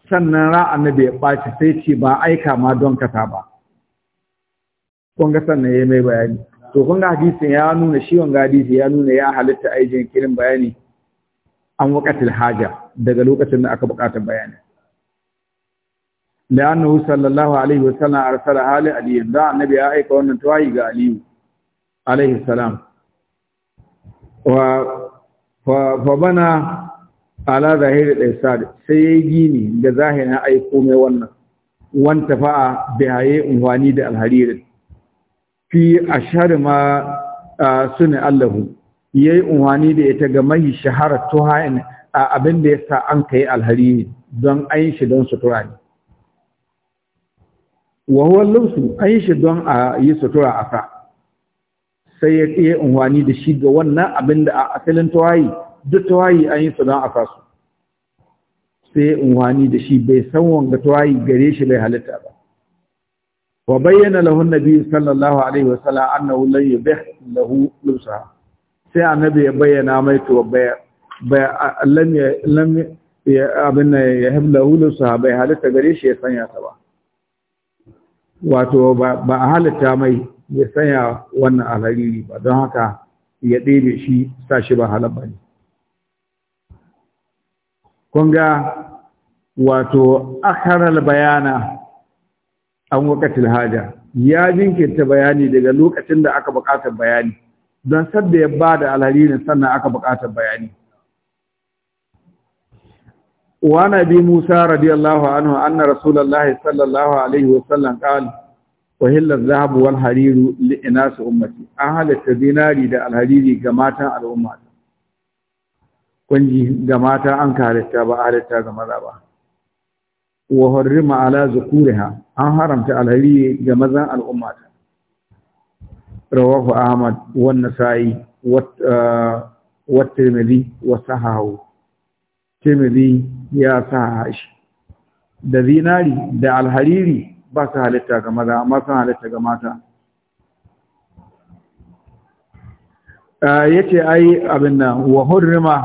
sannan ra'an da ya ɓaci sai ce ba aika ma don kasa ba kun ga sannan ya yi mai bayani to kun ga hadisin ya nuna shi wanga hadisi ya nuna ya halitta aijin kirin bayani an waqatil haja daga lokacin da aka buƙatar bayani annahu sallallahu alaihi wasallam arsala hali ali da annabi ya aika wannan tawayi ga aliyu alaihi salam wa fa bana ala zahiri al-isad sai yayi gini da zahirin aiko mai wannan wanta fa'a bihaye unwani da alharirin fi ashhar ma Allah allahu yi unwani da ita ga mai shahara tuhain abin da sa an kai alhari don ayin shi don sutura ne Wahuwar lausu an ayin shi don a yi sutura a sa sai ya yi unwani da shi ga wannan abin da a asalin tuhayi duk tuhayi an yi su don a sa su sai ya unwani da shi bai san wanga tuwayi gare shi bai halitta ba wa bayyana lahu annabi sallallahu alaihi wa wasallam annahu lan yubih lahu lusa sai annabi ya bayyana mai to lam lam ya abin ya hibla lusa bai halitta gare shi ya sanya ta ba wato ba a halitta mai ya sanya wannan alhariri ba don haka ya ɗebe shi sa shi ba halabba ne. Kunga wato akharar bayana an wakatil haja ya jinkirta bayani daga lokacin da aka buƙatar bayani don sadda ya ba da alharinin sannan aka buƙatar bayani wa nabi musa radiyallahu anhu anna rasulullahi sallallahu alaihi wasallam qala wahillar zahabu wal hariru inas ummati an tadinari zinari da alhariri ga matan al'umma kunji ga mata an ka ba a halitta ga maza ba wa harrima ala zukuriha an haramta alhari ga mazan al'umma ta rawahu ahmad wa nasa'i uh, wa tirmidhi wa sahahu tirmidhi ya sahaha shi da zinari da alhariri ba su halitta ga maza amma sun halitta ga mata uh, yace ai abin nan wa hurrima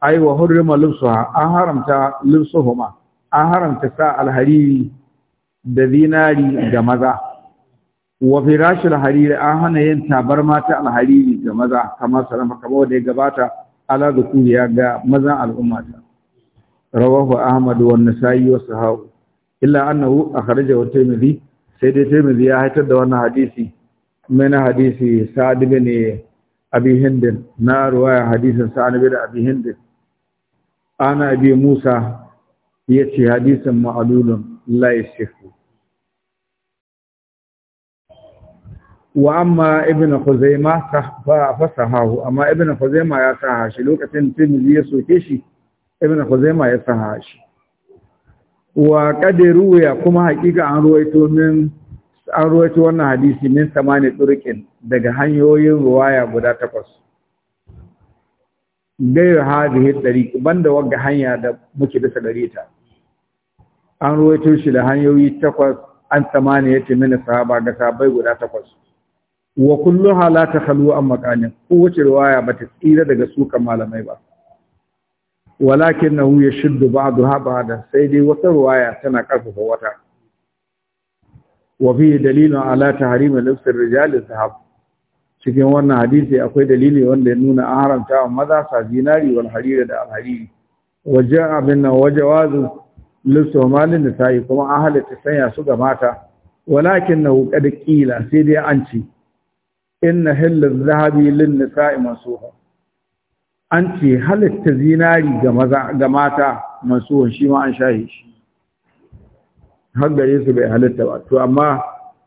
ai wa hurrima lubsuha an haramta lubsuhuma an haramta sa alhariri da zinari ga maza wa firashil hariri an hana yin tabarma ta alhariri ga maza kamar salama kamar da ya gabata ala zukuriya ga mazan al'ummata rawahu ahmad wa nasa'i wa sahahu illa annahu akhraja wa tirmidhi sai dai tirmidhi ya haitar da wannan hadisi min hadisi sa'd ibn abi hindin na ruwaya hadisin sa'd ibn abi hindin ana abi musa ya ce hadisin ma'adulun laishiku wa amma ibn Khuzaima fa fasahahu amma ibn Khuzaima ya saha shi lokacin Tirmidhi ya soke shi ibn Khuzaima ya saha shi wa qadiru ya kuma hakika an ruwaito min an ruwaito wannan hadisi min samani turqin daga hanyoyin ruwaya guda takwas gairu hadhihi tariq banda wagga hanya da muke dasa gare ta an ruwaito shi da hanyoyi takwas an tsamani ya min sahaba ga sahabai guda takwas wa hala ta takhalu an maqalin kowace riwaya bata tsira daga sukan malamai ba Walakin ba yashuddu ba da, sai dai wata riwaya tana karfafa wata Wafi fi dalilin ala tahrim al-lubs rijalin sahab cikin wannan hadisi akwai dalili wanda ya nuna an haramta wa maza sa zinari wal hariri da alhariri wajen abin nan wazin lissomalin yi kuma an halitta sanya su ga mata walakin na wuƙa da sai dai an ce inna hillar zahabi lin masu hau an ce halitta zinari ga mata hau shi ma an shahe shi har gare su bai halitta ba to amma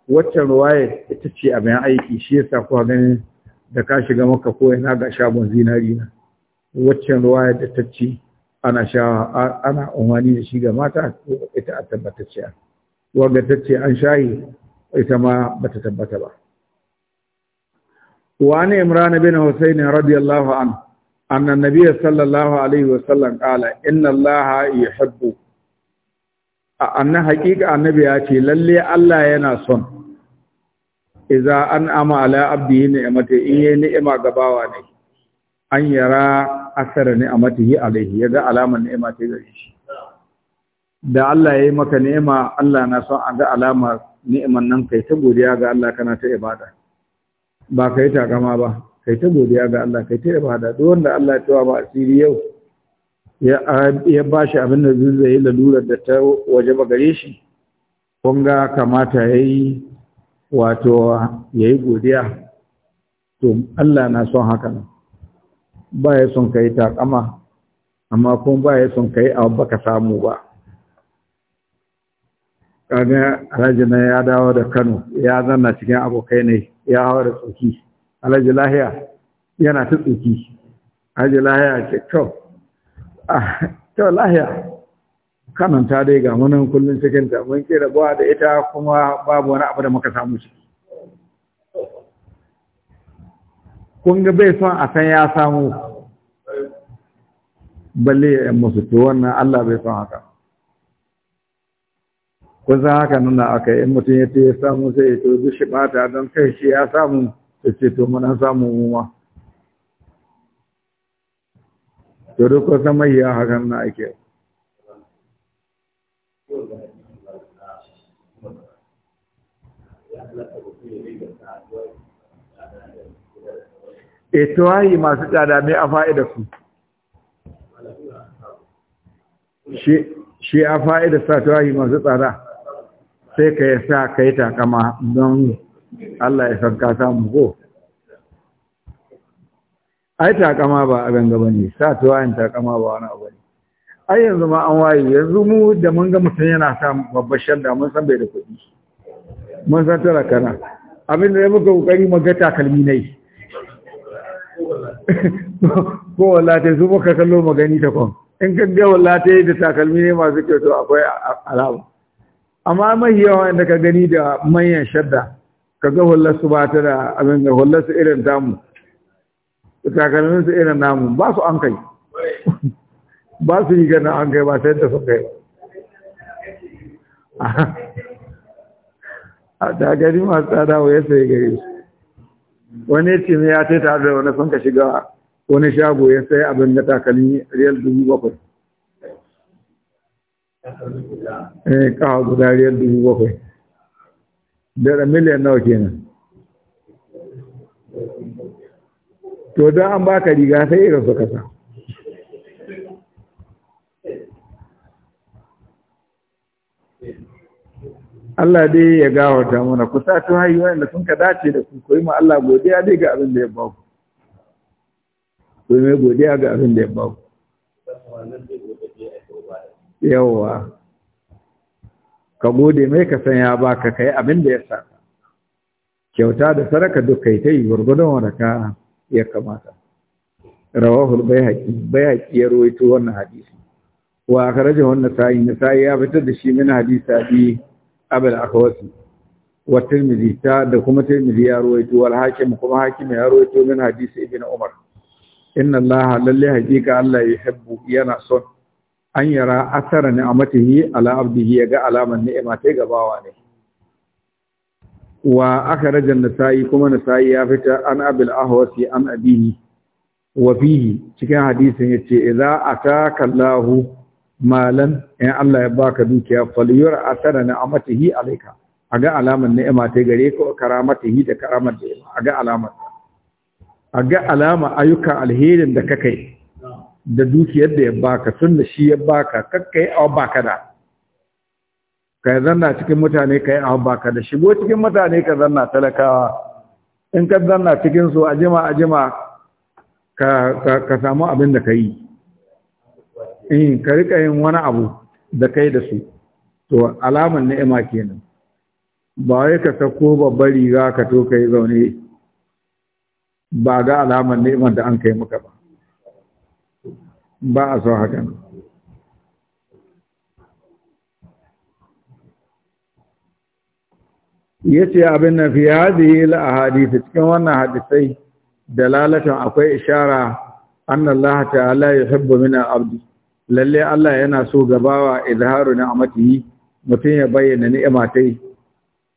waccan ruwaya ita ce abin aiki shi yasa kuwa ganin da ka shiga maka ko na ga shagon zinari na waccan ruwaye da ta ce ana shawa, ana umarni da shi ga mata ko ita a tabbatacciya wanda ta ce an shayi ita ma bata tabbata ba وعن عمران bin حسين رضي radiyallahu an أن النبي sallallahu alaihi wa وسلم قال إن الله يحب annan haƙiƙa annabi ya ce lalle Allah yana son iza an ama ala abdihi ni'mata in yi ni'ima gabawa ne an yara asara ni'amatihi alaihi yaga alaman ni'ima ta gare shi da Allah ya yi maka ni'ima Allah na son a ga alama ni'iman nan kai ta godiya ga Allah kana ta ibada ba kai takama ba kai ta godiya ga Allah kai ta ibada duk wanda Allah ya tawa ba asiri yau ya ba shi abin da zai yi lalurar da ta waje ba gare shi kunga kamata ya yi wato ya yi godiya to Allah na son haka nan ba ya son ka yi takama amma kuma ba ya son ka yi abu baka samu ba kaga alhaji ya dawo da kano ya zanna cikin abokai ne ya hawa da tsoki alhaji lahiya yana ta tsoki alhaji lahiya ce to ah, to lahiya kanan ta dai ga munin kullum cikin ta mun kira ba da ita kuma babu wani abu da muka samu ciki kun ga bai son a san ya samu balle ya musu to wannan Allah bai son haka kun san haka nuna aka yi mutum ya ce ya samu sai ya to shi bata don kai shi ya samu ya ce to muna samu muma to duk sama ya hakan na ake e tawayi masu tsada mai a fa'ida su shi a fa'ida sa tawayi masu tsada sai ka yi sa ka yi takama don Allah ya san ka samu ko ai takama ba a ganga ba ne sa tuwayin takama ba wani abu ne ai yanzu ma an waye yanzu mu da mun ga mutum yana sa babbar shadda mun san bai da kuɗi mun san tara kana abin da ya muka kokari mu ga takalmi na yi ko wallata su muka kallo magani ta kwan in ka ga wallata da takalmi ne masu kyau to akwai alama amma mai yawa inda ka gani da manyan shadda ka ga su ba ta da abin da su irin takalmin su irin namu ba su an kai ba su yi ganin an kai ba sai da sun kai ba (laughs) a gari masu tsada wa ya sai gari su wani ce ne ya taita da wani sun ka shiga wani shago ya sai abin da takalmi riyal dubu bakwai eh kawo guda riyal dubu bakwai da miliyan nawa kenan to da an baka riga sai irin su kasa Allah dai ya gawata mana ku sa ta hayi wanda sun ka dace da ku koyi ma Allah godiya dai ga abin da ya ba ku koyi mai godiya ga abin da ya ba ku yawa ka gode mai ka san ya baka kai abin da ya sa kyauta da saraka duk kai ta yi gurgudun waraka ya kamata rawahu bayhaqi bayhaqi ya ruwaito wannan hadisi wa akhrajahu an-nasa'i nasa'i ya fitar da shi min hadisi abi abul akwasi wa tirmidhi ta da kuma tirmidhi ya ruwaito wal hakim kuma hakim ya ruwaito min hadisi ibn umar inna allaha lalle hakika allah yuhibbu yana son an yara asara ni'amatihi ala abdihi ga alaman ni'ima ta gabawa ne wa akhraj an-nasa'i kuma nasa'i ya fita an abul ahwasi an abihi wa fihi cikin hadisin yace idza ataka allahu malan in Allah ya baka dukiya faliyar asara na amatihi alaika a ga alamar ni'ima ta gare ka karamatihi da karamar da a ga alamar a ga alama ayyukan alherin da kakai da dukiyar da ya baka tun da shi ya baka kakai a baka da ka zanna cikin mutane ka yi a baka da shigo cikin mutane ka zanna talakawa in ka zanna cikin su a jima a jima ka samu abin da ka yi in ka rika yin wani abu da kai da su to alamar ni'ima kenan ba wai ka sako babbar riga ka to kai zaune ba ga alamar ni'imar da an kai maka ba ba a so hakan yace abin na fi hadhihi al ahadith cikin wannan hadisai dalalatan akwai ishara anna Allah ta'ala yuhibbu min abdi lalle Allah yana so gabawa izharu ni'amatihi mutum ya bayyana ni'ima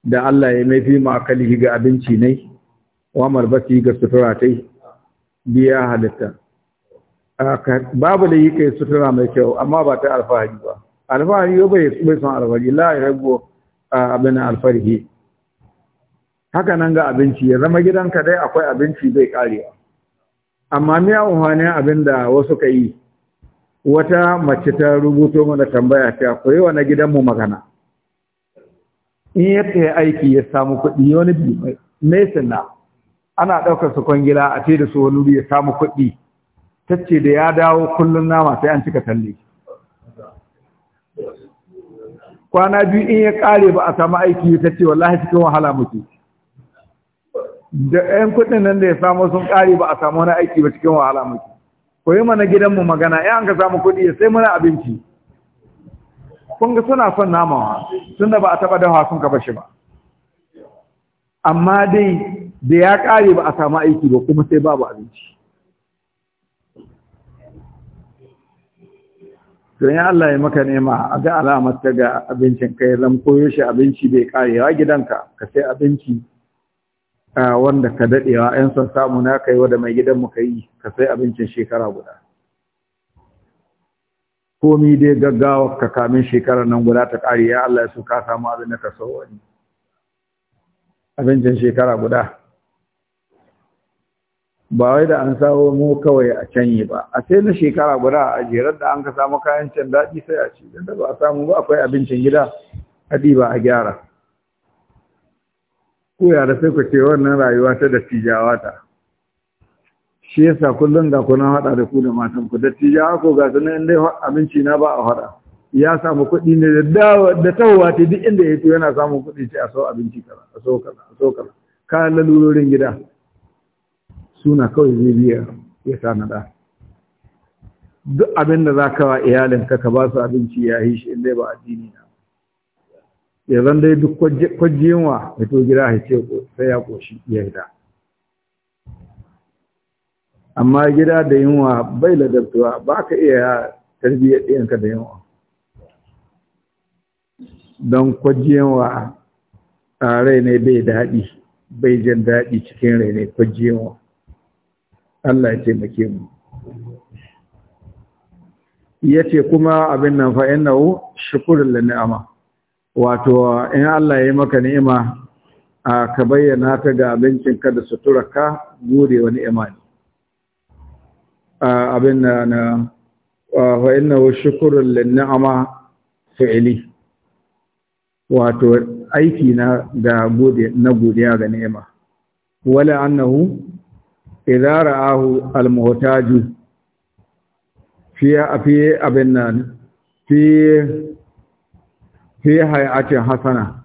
da Allah ya mafi ma'akalihi ga abinci ne wa marbati ga sutura tai biya halitta babu da yi kai sutura mai kyau amma ba ta alfahari ba alfahari ba bai bai son alfahari la yahbu abin alfahari haka nan ga abinci ya zama gidanka dai akwai abinci bai karewa amma miya hannun abin da wasu ka yi wata mace ta rubuto mana tambaya ta koyi wani gidanmu magana in ya yi aiki ya samu kuɗi wani biyu mai na ana ɗaukar su kwangila a ce da su wani biyu ya samu kuɗi ta ce da ya dawo kullum nama sai an cika talle kwana biyu in ya ƙare ba a samu aiki ta ce wallahi cikin wahala muke da ƴan kuɗin nan da ya samu sun ƙare ba a samu wani aiki ba cikin wahala muke ko yi mana gidanmu magana ya an ka samu kuɗi sai mana abinci kun suna son namawa tun da ba a taɓa dawa sun ka shi ba amma dai da ya ƙare ba a samu aiki ba kuma sai babu abinci don ya Allah ya maka nema a ga alamar ta ga abincin kai zan koyo shi abinci bai karewa gidanka ka sai abinci wanda ka dadewa yan son samu na kai da mai gidan mu kai ka sai abincin shekara guda komi dai gaggawa ka kamin shekarar nan guda ta kare ya Allah ya so ka samu abin da ka so wani abincin shekara guda ba wai da an sawo mu kawai a canye ba a sai na shekara guda a jerar da an ka samu kayan can daɗi sai a ci da ba a samu ba akwai abincin gida haɗi ba a gyara ya yara sai ku ce wannan rayuwa ta dattijawa ta shi yasa kullum da kuna haɗa da ku da matan ku dattijawa ko ga sunan inda abinci na ba a haɗa ya samu kuɗi ne da da tawowa ta duk inda ya yana samun kuɗi ce a so abinci kaza a so kaza a so kaza kayan lalurorin gida suna kawai zai biya ya tanada duk abin da za ka wa iyalinka ka ba su abinci ya yi shi inda ba addini na ya zan dai duk wa ya to gida ya ce sai ya ƙoshi ya gida amma gida da yunwa bai ladabtuwa ba ka iya tarbiyyar ɗiyanka da yunwa don kwajiyanwa a rai ne bai daɗi bai jan daɗi cikin rai ne wa. Allah ya taimake mu ya ce kuma abin nan fa'in na'u shukurin da wato in Allah ya yi maka ni'ima a ka bayyana ta ga abincinka da ka'', gode wani imani abin na na wa inna wa shukurun ni'ama fi'ili wato aiki na ga gode na godiya ga ni'ima wala annahu idza ra'ahu al-muhtaju fi fi abin nan fi fi hayatin hasana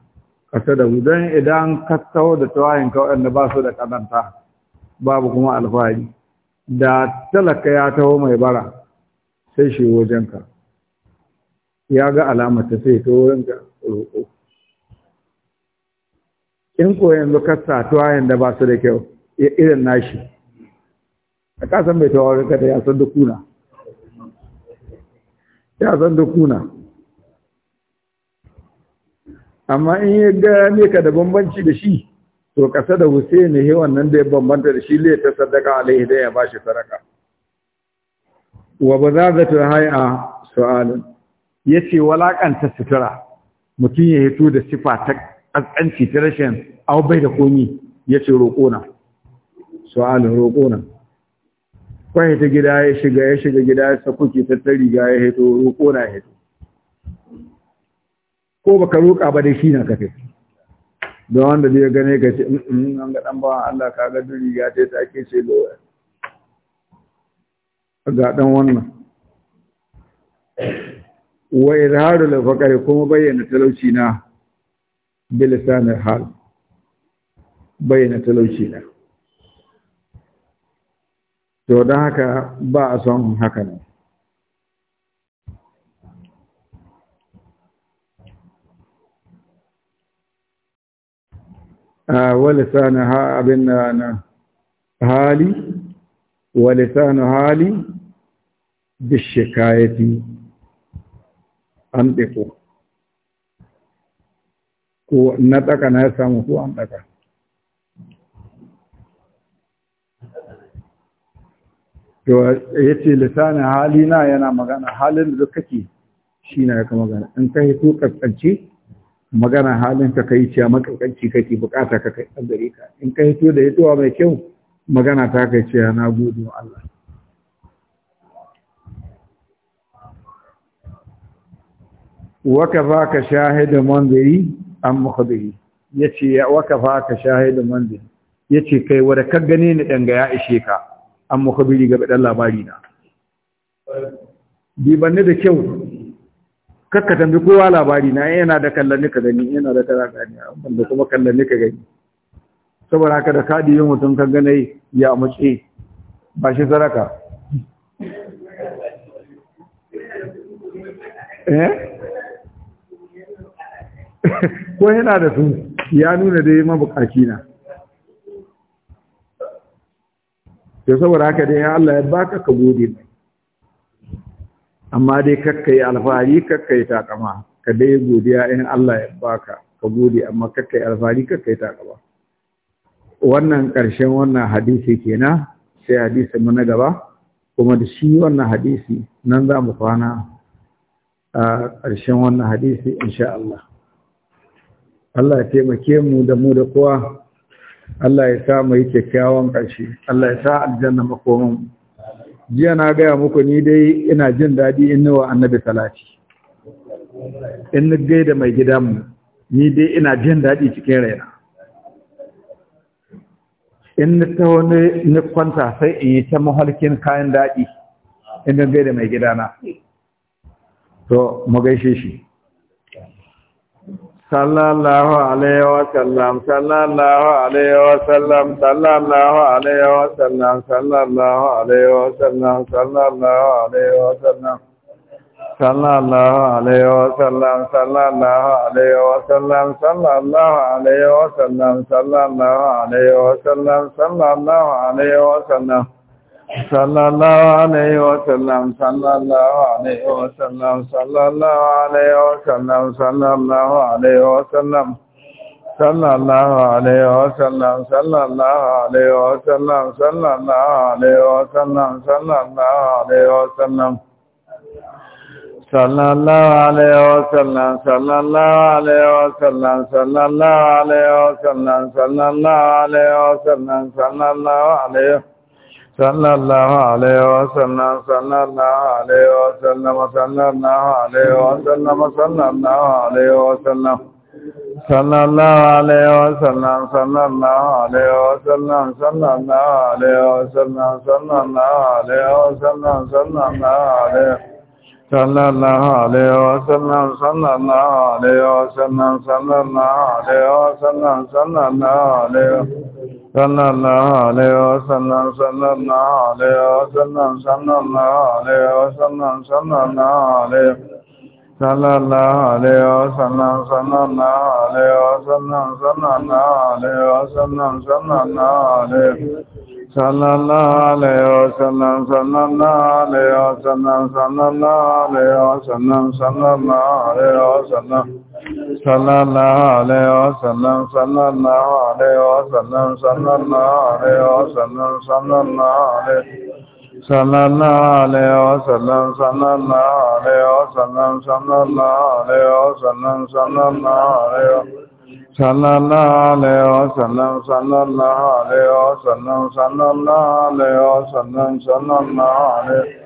kasa da gudan idan ka taho da tawayin ka waɗanda ba su da kananta babu kuma alfahari da talaka ya taho mai bara sai shi wajenka ya ga ta sai ta wurin ka roƙo in ko yanzu ka sa tawayin da ba su da kyau irin nashi a kasan mai tawayin ka da ya san dukuna ya san dukuna amma in ya gane ka da bambanci da shi to kasa da Hussein ne wannan da ya bambanta da shi le ta sadaka alaihi da ya bashi sadaka wa bazadatul hay'a su'alun yace walakanta sutura mutum ya hito da sifa ta kaskanci ta rashin au bai da komi yace roƙona su'alun roƙona kwai ta gida ya shiga ya shiga gida ya sakuki ta riga ya hito roƙona ya hito ko baka roƙa ba dai shi na kafe Don wanda zai gane ka ce in an ga dan bawan Allah ka ga duri ya ce ta ke ce ga ɗan wannan wa izharu lil faqr kuma bayyana talauci na bilisanil hal bayyana talauci na to don haka ba a son haka ne ولسان ha abin na hali walisanu hali bishikayati ko na taka na ya samu ko an taka to yace lisanin hali na yana magana halin da kake shi na yaka magana in ka ko kaskance magana halin ka kai ciya ka kake bukata ka kai gare ka in ka hito da hitowa mai kyau magana ta kai ciya na gode wa Allah waka fa ka shahidu manziri an ya yace waka fa ka shahidu Ya ce kai wadda ka gane ni danga ya ishe ka an mukhbiri ga dan labari na bibanni da kyau kakka tambi kowa labari na yana da kallon ka gani yana da tara gani wanda kuma kallon ka gani saboda haka da kadi yin mutum kan ganai ya mace ba shi saraka eh (laughs) ko yana da su ya nuna dai mabukaci na to saboda haka dai Allah ya baka ka gode mai amma dai kakka yi alfahari kakka yi takama ka dai godiya in Allah ya baka ka gode amma kakka yi alfahari kakka yi takama wannan ƙarshen wannan hadisi kenan sai hadisi mu na gaba kuma da shi wannan hadisi nan za mu kwana a ƙarshen wannan hadisi insha Allah Allah ya taimake mu da mu da kowa Allah ya sa mu yi kyakkyawan ƙarshe Allah ya sa aljanna makomin mu jiya na gaya muku ni dai ina jin daɗi in nawa annabi salati in ni gaida mai gidanmu ni dai ina jin daɗi cikin raina in ni ta wani ni sai in yi ta mahalkin kayan daɗi in ni gaida mai gidana to mu gaishe shi sallallahu alaihi wa sallam sallallahu alaihi wa sallam sallallahu alaihi wa sallam sallallahu alaihi wa sallam sallallahu alaihi wa sallam sallallahu alaihi wa sallam sallallahu alaihi wa sallam sallallahu alaihi wa sallam sallallahu alaihi wa sallam sallallahu alaihi wa sallam wa sallam sallallahu alaihi wa sallam sallallahu alaihi wa sallam sallallahu alaihi wa sallam sallallahu alaihi wa sallam sallallahu alaihi wa wa sallam sallallahu alaihi wa wa sallam sallallahu alaihi wa wa sallam sallallahu alaihi wa wa sallam sallallahu alaihi wa sallam na alaihi wa sallam sallallahu alaihi wa sallam sallallahu alaihi wa sallam sallallahu alaihi wa wa sallam sallallahu alaihi wa wa sallam sallallahu alaihi sallallahu wa sallam sallallahu alaihi wa sallam sallallahu alaihi wa sallam sallallahu alaihi wa sallam sallallahu alaihi wa ဆန္နနာလေယောဆန္နဆန္နနာလေယောဆန္နဆန္နနာလေယောဆန္နဆန္နနာလေယောဆန္နနာလေယောဆန္နဆန္နနာလေယောဆန္နဆန္နနာလေယောဆန္နဆန္နနာလေဆန္နနာလေယောဆန္နဆန္နနာလေယောဆန္နဆန္နနာလေယောဆန္နဆန္နနာလေယောဆန္န sallallahu alaihi wasallam sallallahu alaihi wasallam sallallahu alaihi wasallam sallallahu alaihi sallallahu alaihi wasallam sallallahu alaihi wasallam sallallahu alaihi wasallam sallallahu alaihi sallallahu alaihi wasallam sallallahu alaihi wasallam sallallahu alaihi wasallam sallallahu alaihi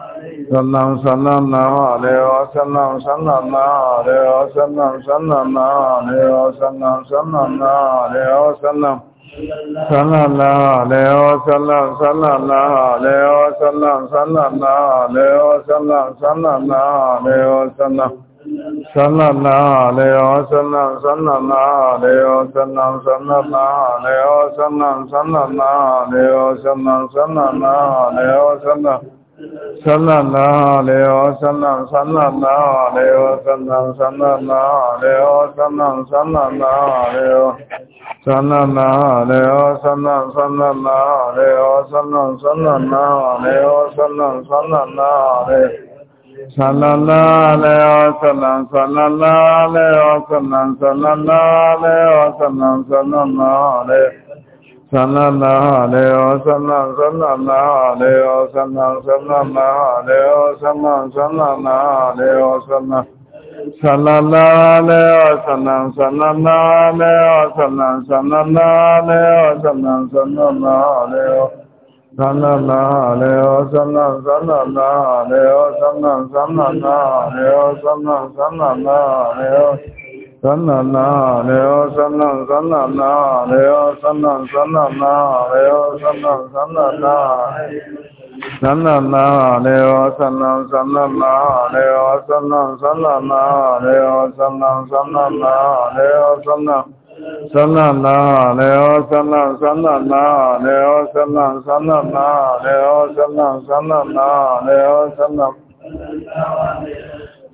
sallam sallam na alayhi wa sallam sallam na wa sallam sallam na wa sallam wa sallam sallam na wa sallam sallam na wa sallam wa sallam sallam na wa sallam wa sallam sallam na wa sallam wa sallam sallam na wa sallam wa sallam sallam na wa sallallahu alaihi wa sallam sallallahu alaihi wa sallam sallallahu alaihi wa sallam sallallahu alaihi wa sallallahu wa sallam sallallahu alaihi wa sallam sallallahu alaihi wa sallam sallallahu alaihi sallallahu alaihi wa sallam sallallahu alaihi wa sallam sallallahu alaihi သမ္မာနာဟလေယောသမ္မာသမ္မာနာဟလေယောသမ္မာသမ္မာနာဟလေယောသမ္မာသမ္မာနာဟလေယောသမ္မာသမ္မာနာလေယောသမ္မာသမ္မာနာလေယောသမ္မာသမ္မာနာလေယောသမ္မာသမ္မာနာလေယောသမ္မာနာလေယောသမ္မာသမ္မာနာလေယောသမ္မာသမ္မာနာလေယောသမ္မာသမ္မာနာလေယောသမ္ဏနာလေယောသမ္ဏသမ္ဏနာလေယောသမ္ဏသမ္ဏနာလေယောသမ္ဏသမ္ဏနာသမ္ဏနာလေယောသမ္ဏသမ္ဏနာလေယောသမ္ဏသမ္ဏနာလေယောသမ္ဏသမ္ဏနာလေယောသမ္ဏသမ္ဏနာလေယောသမ္ဏသမ္ဏနာလေယောသမ္ဏသမ္ဏနာလေယောသမ္ဏသမ္ဏနာလေယောသမ္ဏ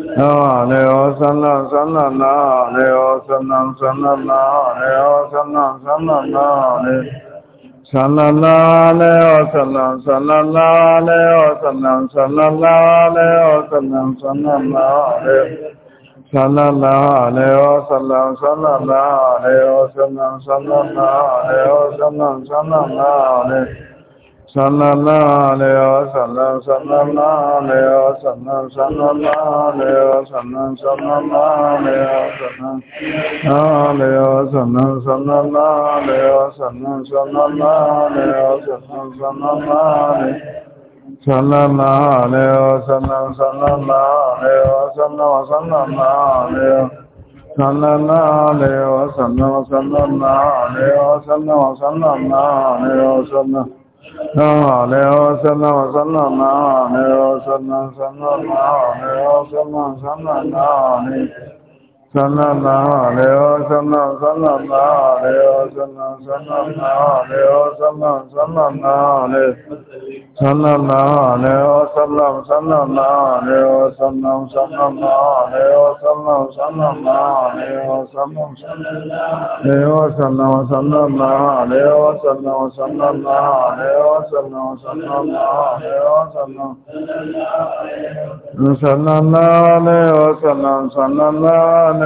Nama Nyo Sanam Sanam Nama Nyo Sanam Sanam Nama Nyo Sanam Sanam Nama Sanana ne o sanan sanana ne o sanan sanana ne o sanan sanana ne sanana ne o sallam na alayhi wa sallam sallam na alayhi သမ္မာနေယောသမ္မာသမ္မာနာနေယောသမ္မာသမ္မာနာနေယောသမ္မာသမ္မာနာနေယောသမ္မာမဟာလေယောသမ္မာသမ္မာမဟာလေယောသမ္မာသမ္မာမဟာလေယောသမ္မာသမ္မာမဟာလေသမ္မာမဟာလေယောသမ္မာသမ္မာမဟာလေယောသမ္မာသမ္မာမဟာလေယောသမ္မာသမ္မာမဟာလေယောသမ္မာသမ္မာလေယောသမ္မာသမ္မာမဟာလေယောသမ္မာသမ္မာမဟာလေယောသမ္မာသမ္မာမဟာလေယောသမ္မာသမ္မာမဟာလေယောသမ္မာသမ္မာမဟာလေယောသမ္မာသမ္မာမဟာလေ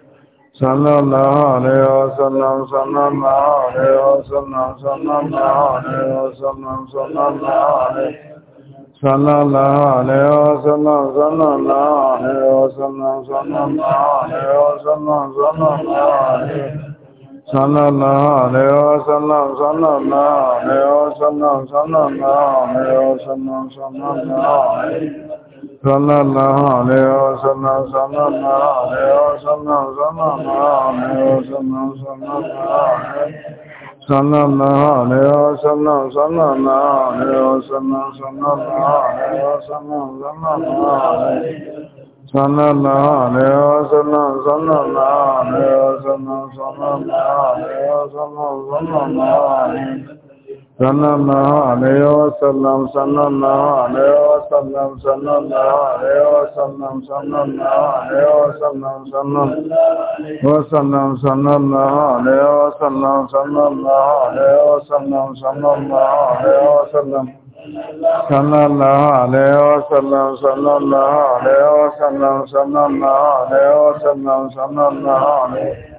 သမမဟာနေယောသမံသမမဟာနေယောသမံသမမဟာနေယောသမံသမမဟာနေသမမဟာနေယောသမံသမမဟာနေယောသမံသမမဟာနေယောသမံသမမဟာနေသမမဟာနေယောသမံသမမဟာနေယောသမံသမမဟာနေယောသမံသမမဟာနေသမ္မာလာဟလေယောသမ္မာသမ္မာလေယောသမ္မာသမ္မာလေယောသမ္မာသမ္မာသမ္မာနာလေယောသမ္မာသမ္မာနာလေယောသမ္မာသမ္မာနာလေယောသမ္မာသမ္မာနာသမ္မာနာလေယောသမ္မာသမ္မာနာလေယောသမ္မာသမ္မာနာလေယောသမ္မာသမ္မာနာ صلى الله عليه وسلم صلى الله عليه وسلم صلى الله عليه وسلم صلى الله عليه وسلم صلى وسلم صلى الله عليه وسلم صلى الله عليه وسلم صلى الله عليه وسلم صلى الله عليه وسلم صلى الله عليه وسلم صلى الله عليه وسلم صلى الله عليه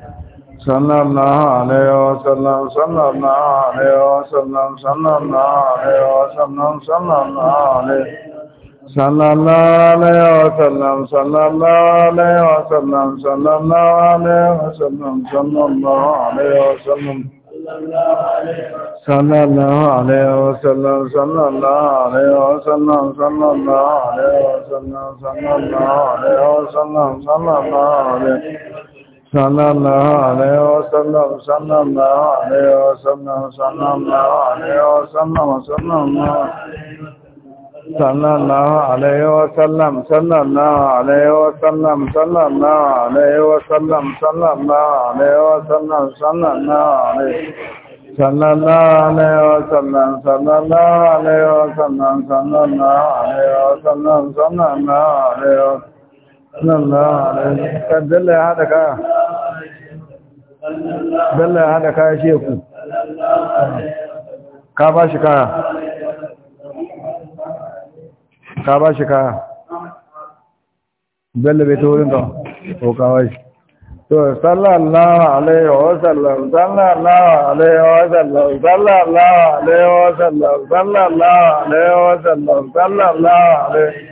သမ္မာနာနေယောသမ္မာသမ္မာနာနေယောသမ္မာသမ္မာနာနေယောသမ္မာသမ္မာနာနေသမ္မာနာနေယောသမ္မာသမ္မာနာနေယောသမ္မာသမ္မာနာနေယောသမ္မာသမ္မာနာနေယောသမ္မာသမ္မာနာနေယောသမ္မာသမ္မာနာနေယောသမ္မာသမ္မာနာနေယောသမ္မာသမ္မာနာနေယောသမ္မာသမ္မာနာနေယောသန္နနာနေယောသန္နသန္နနာနေယောသန္နသန္နနာနေယောသန္နသန္နနာသန္နနာနေယောသန္နသန္နနာနေယောသန္နသန္နနာနေယောသန္နသန္နနာနေယောသန္နသန္နနာနေသန္နနာနေယောသန္နသန္နနာနေယောသန္နသန္နနာနေယောသန္နသန္နနာနေယော sallallahu ya hada kaya dalla ya ka ba shi kaya ka ba shi kaya bai ka ko to sallallahu alaihi wa sallam sallallahu alaihi wa sallallahu alaihi wa sallam sallallahu alaihi wa sallallahu alaihi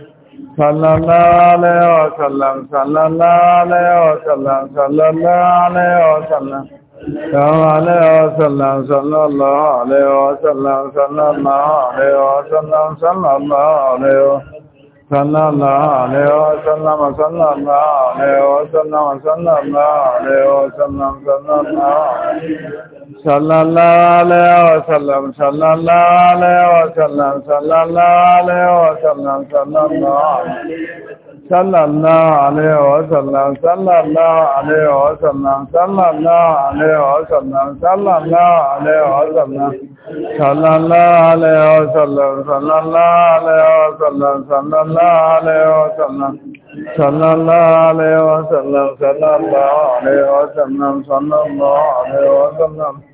sallallahu alaihi wasallam sallallahu alaihi wasallam sallallahu alaihi wasallam sallallahu alaihi wasallam sallallahu alaihi wasallam sallallahu alaihi wasallam sallallahu alaihi wasallam wa الله عليه وسلم صلى الله عليه وسلم صلى الله عليه وسلم wa الله عليه وسلم sallallahu alaihi wa sallam sallallahu alaihi wa sallam sallallahu alaihi wa sallam sallallahu alaihi sallallahu alaihi wa sallam sallallahu alaihi wa sallam sallallahu alaihi wa sallam sallallahu alaihi wa sallam sallallahu alaihi wa sallam sallallahu alaihi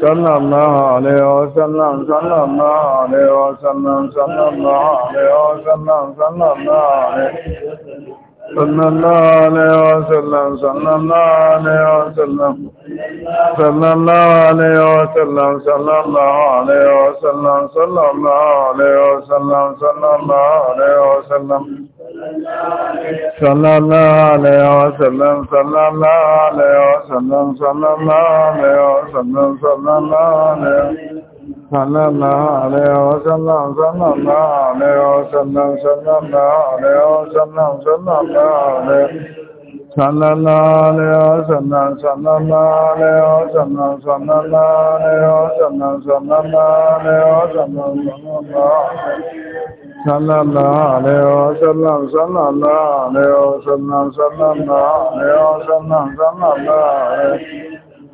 ဆန္နမဟာလေယောဆန္နဆန္နမဟာလေယောဆန္နဆန္နမဟာလေယောဆန္နဆန္နမဟာလေဆန္နနာလေယောဆန္နဆန္နနာလေယောဆန္နဆန္နနာလေယောဆန္နဆန္နမဟာလေယောဆန္နဆန္နမဟာလေယောဆန္နဆန္နမဟာလေယောဆန္နဆန္နနာလေယောဆန္နဆန္နနာလေယောဆသမ္သမနာမေယောသမ္သမနာမေယောသမ္မနာမေယောသမ္မသမ္မနာမေယောသမ္မသမ္မနာမေယောသမ္မသမ္မနာမေသမ္မနာမေယောသမ္မသမ္မနာမေယောသမ္မသမ္မနာမေယောသမ္မသမ္မနာမေယောသမ္မသမ္မနာဆလလာလေယောဆလံဆလလာလေယောဆလံဆလလာလေယောဆလံဆလလာ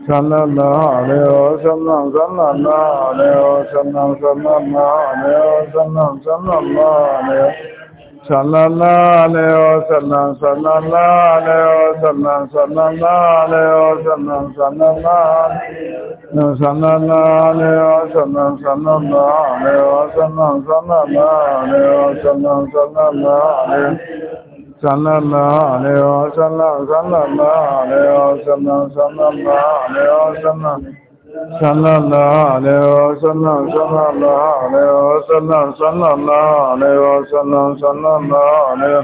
ဆလလာလေယောဆလံဆလလာလေယောဆလံဆလလာလေယောဆလံဆလလာလေယော sallallahu alaihi wasallam sallallahu alaihi wasallam sallallahu alaihi wasallam sallallahu sallallahu alaihi wasallam sallallahu sallallahu alaihi wasallam sallallahu ဆန္ဒလာလေယောဆန္ဒဆန္ဒလာလေယောဆန္ဒဆန္ဒလာလေယောဆန္ဒဆန္ဒလာလေယော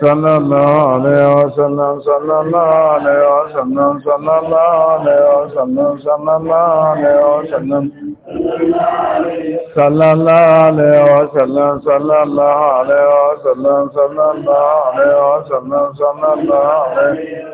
ဆန္ဒလာလေယောဆန္ဒဆန္ဒလာလေယောဆန္ဒဆန္ဒလာလေယောဆန္ဒဆန္ဒလာလေယောဆန္ဒဆန္ဒလာလေယောဆန္ဒဆန္ဒလာလေယောဆန္ဒဆန္ဒလာလေယောဆန္ဒဆန္ဒလာလေယော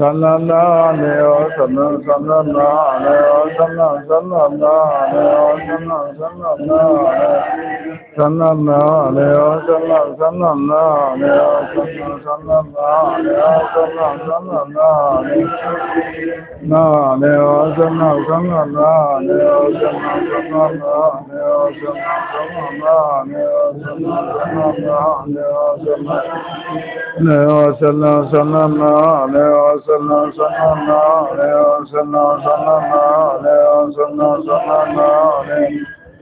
သမ္မာနာနေယောသမ္သမ္မာနာနေယောသမ္သမ္မာနာနေယောသမ္သမ္မာနာနေယော sanan na ne ya sanan na ne sanan sanan na ne sanan na ne na ne ya sanan na ne ya sanan sanan na ne ya sanan sanan na ne ya sanan sanan na ne ya sanan sanan na ne ya sanan sanan na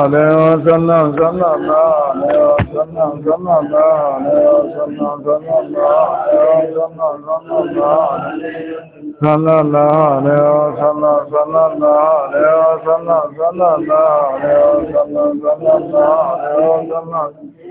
Àlẹ́wọ́ sánà sánà náà, àlẹ́wọ́ sánà sánà náà, àlẹ́wọ́ sánà sánà náà, àlẹ́wọ́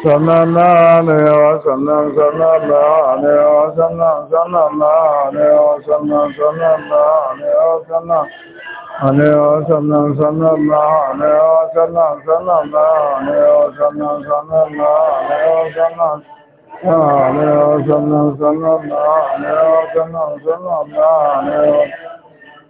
Sanana ne wa sanana wa sanana sanana ne wa sanana wa sanana sanana ne wa sanana wa sanana sanana ne wa sanana wa sanana sanana ne wa sanana wa sanana sanana ne wa sanana wa sanana sanana ne wa sanana wa sanana sanana ne wa sanana wa sanana sanana ne wa sanana wa sanana sanana ne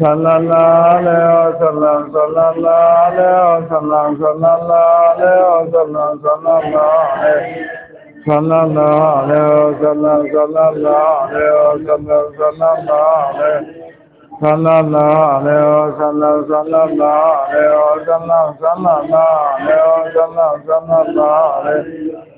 ဆလလာလေဆလံဆလလာလေဆလံဆလလာလေဆလံဆလလာလေဆလလာလေဆလံဆလလာလေဆလံဆလလာလေဆလလာလေဆလံဆလလာလေဆလံဆလလာလေဆလံဆလလာလေ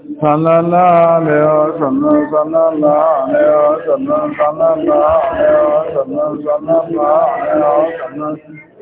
sanana le o sanana sanana le o sanana sanana le o sanana sanana le o sanana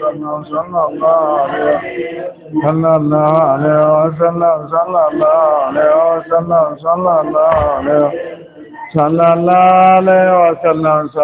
sallallahu alaihi wa sallam sallallahu Sanana, Sallallahu alaihi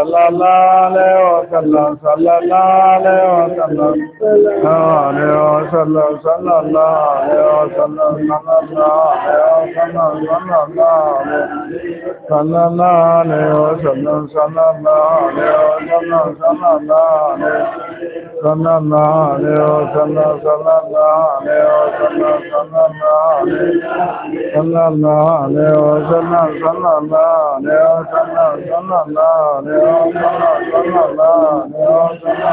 wa sallam แล้วสัลลัสัลลัลลาแล้วสัลลัสัลลัลลาแล้วสัลลั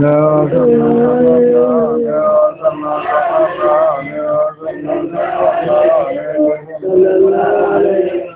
แล้วสัลลัสัลลัลลาแล้วสัลลัสัลลัลลาแล้วสัลลัสัลลัลลาแล้วสัลลัสัลลัลลา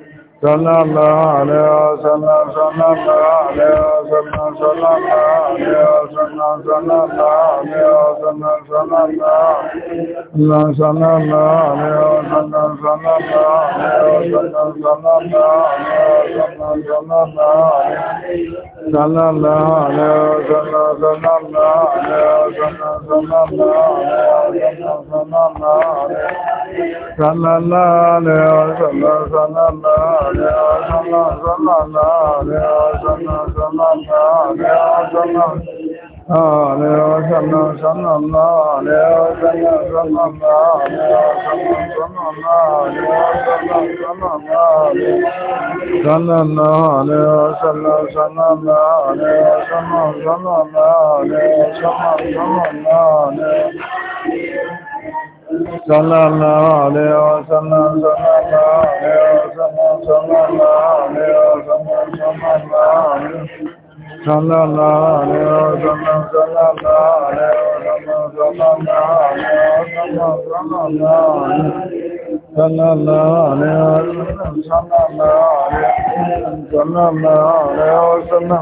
صلى الله عليه وسلم صلى الله عليه وسلم صلى الله عليه وسلم صلى الله عليه وسلم صلى الله صلى الله عليه وسلم صلى الله عليه وسلم صلى الله عليه وسلم صلى الله صلى الله عليه وسلم صلى الله عليه وسلم صلى الله عليه وسلم صلى الله عليه صلى الله عليه وسلم صلى الله na a Thank you. သမ္မာနာလေယောသမ္မာသမ္မာနာလေယောသမ္မာသမ္မာနာလေယောသမ္မာသမ္မာနာသမ္မာနာလေယောသမ္မာသမ္မာနာလေယောသမ္မာသမ္မာနာလေယောသမ္မာသမ္မာနာသမ္မာနာလေယောသမ္မာသမ္မာနာသမ္မာနာလေယောသမ္မာ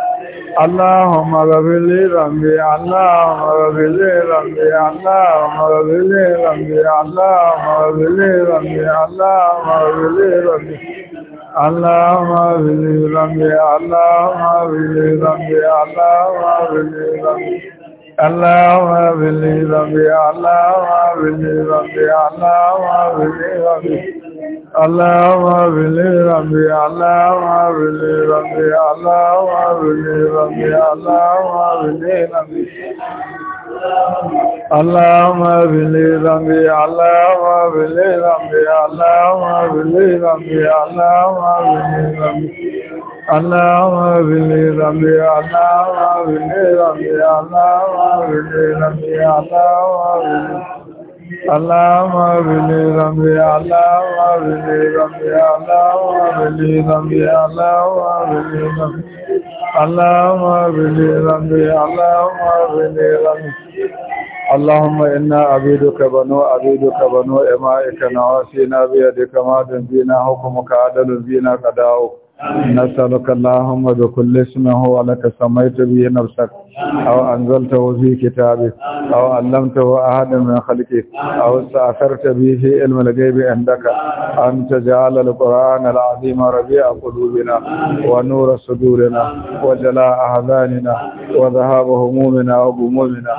اللهم اغفر لي ذنبي اللهم اغفر لي ذنبي اللهم اغفر لي ذنبي اللهم اغفر لي ذنبي اللهم اغفر لي ذنبي اللهم اغفر لي ذنبي اللهم اغفر لي ذنبي اللهم اغفر لي ذنبي اللهم اغفر لي ذنبي اللهم اغفر لي ذنبي اللهم اغفر لي ذنبي Alama rìnlẹ̀ rambi, aláwà rìnlẹ̀ rambi, aláwà rìnlẹ̀ rambi, aláwà rìnlẹ̀ rambi. Alama rìnlẹ̀ rambi, aláwà rìnlẹ̀ rambi, aláwà rìnlẹ̀ rambi, aláwà rìnlẹ̀ rambi. Aláwà rìnlẹ̀ rambi, aláwà rìnlẹ̀ rambi, aláwà rìnlẹ̀ rambi, aláwà rìnlẹ̀ Allahumma bili rabbi Allahumma bili rabbi Allahumma bili rabbi Allahumma bili rabbi Allahumma bili rabbi Allahumma bili rabbi Allahumma inna abiduka banu abiduka banu imaika nawasina bi yadika madin bina hukmuka adalun bina qada'u nasaluka Allahumma bi kulli ismin huwa lak samaitu bi nafsika أو أنزلته في كتابك أو علمته أحد من خلقك أو استأثرت به في علم الغيب عندك أن تجعل القرآن العظيم ربيع قلوبنا ونور صدورنا وجلاء أحزاننا وذهاب همومنا وغمومنا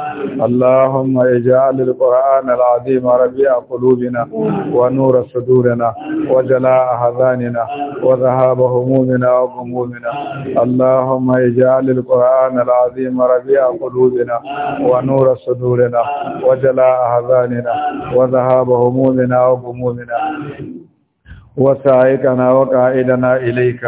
اللهم اجعل القرآن العظيم ربيع قلوبنا ونور صدورنا وجلاء أحزاننا وذهاب همومنا وغمومنا اللهم اجعل القرآن العظيم اللهم ربيع قلوبنا ونور صدورنا وجلاء أحزاننا وذهاب همومنا وغمومنا وسائقنا وقائدنا إليك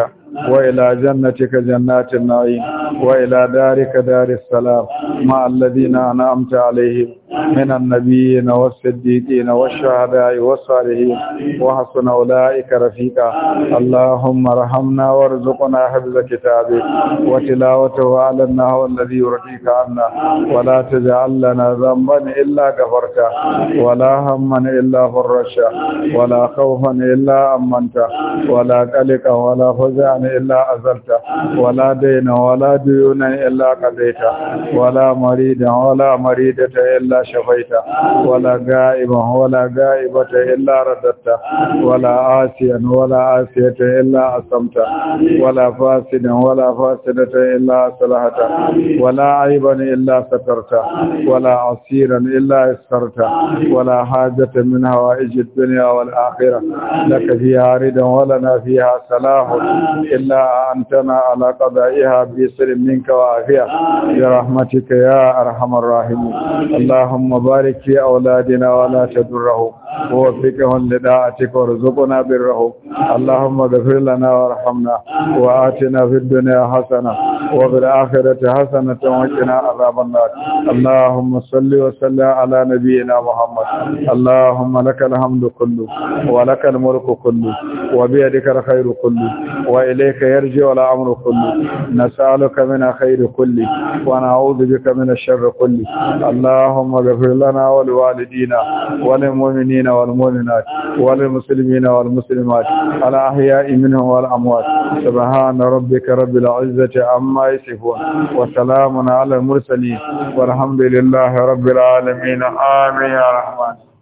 وإلى جنتك جنات النعيم وإلى دارك دار السلام مع الذين أنعمت عليهم من النبيين والصديقين والشهداء والصالحين وحسن أولئك رفيقا اللهم ارحمنا وارزقنا حفظ كتابك وتلاوته على النهو الذي يرضيك عنا ولا تجعل لنا ذنبا إلا غفرته ولا هما إلا فرجته ولا خوفا إلا أمنته ولا قلقا ولا فزعا إلا أزلته ولا دينا ولا ديونا إلا قضيته ولا مريدا ولا مريدة إلا shafaita wala ga'iban wala ga'ibata illa radatta wala asiyan wala asiyata illa asamta wala fasidan wala fasidata illa salahata wala aiban illa satarta wala asiran illa yassarta wala hajata min hawaij ad-dunya wal akhirah lak fiha ridan wala na fiha salah illa antana ala qada'iha bi sirr minka wa afiyah bi rahmatika ya arhamar rahimin Allah اللهم بارك في أولادنا ولا تدرهم ووفقهم لداعتك وارزقنا برهم اللهم اغفر لنا وارحمنا وآتنا في الدنيا حسنة وفي الآخرة حسنة وقنا عذاب النار اللهم صل وسلم على نبينا محمد اللهم لك الحمد كله ولك الملك كله وبيدك الخير كله وإليك يرجع الأمر كله نسألك من خير كله ونعوذ بك من الشر كله اللهم اللهم اغفر لنا ولوالدينا وللمؤمنين والمؤمنات وللمسلمين والمسلمات الأحياء منهم والأموات سبحان ربك رب العزة عما يصفون وسلام على المرسلين والحمد لله رب العالمين آمين يا رحمن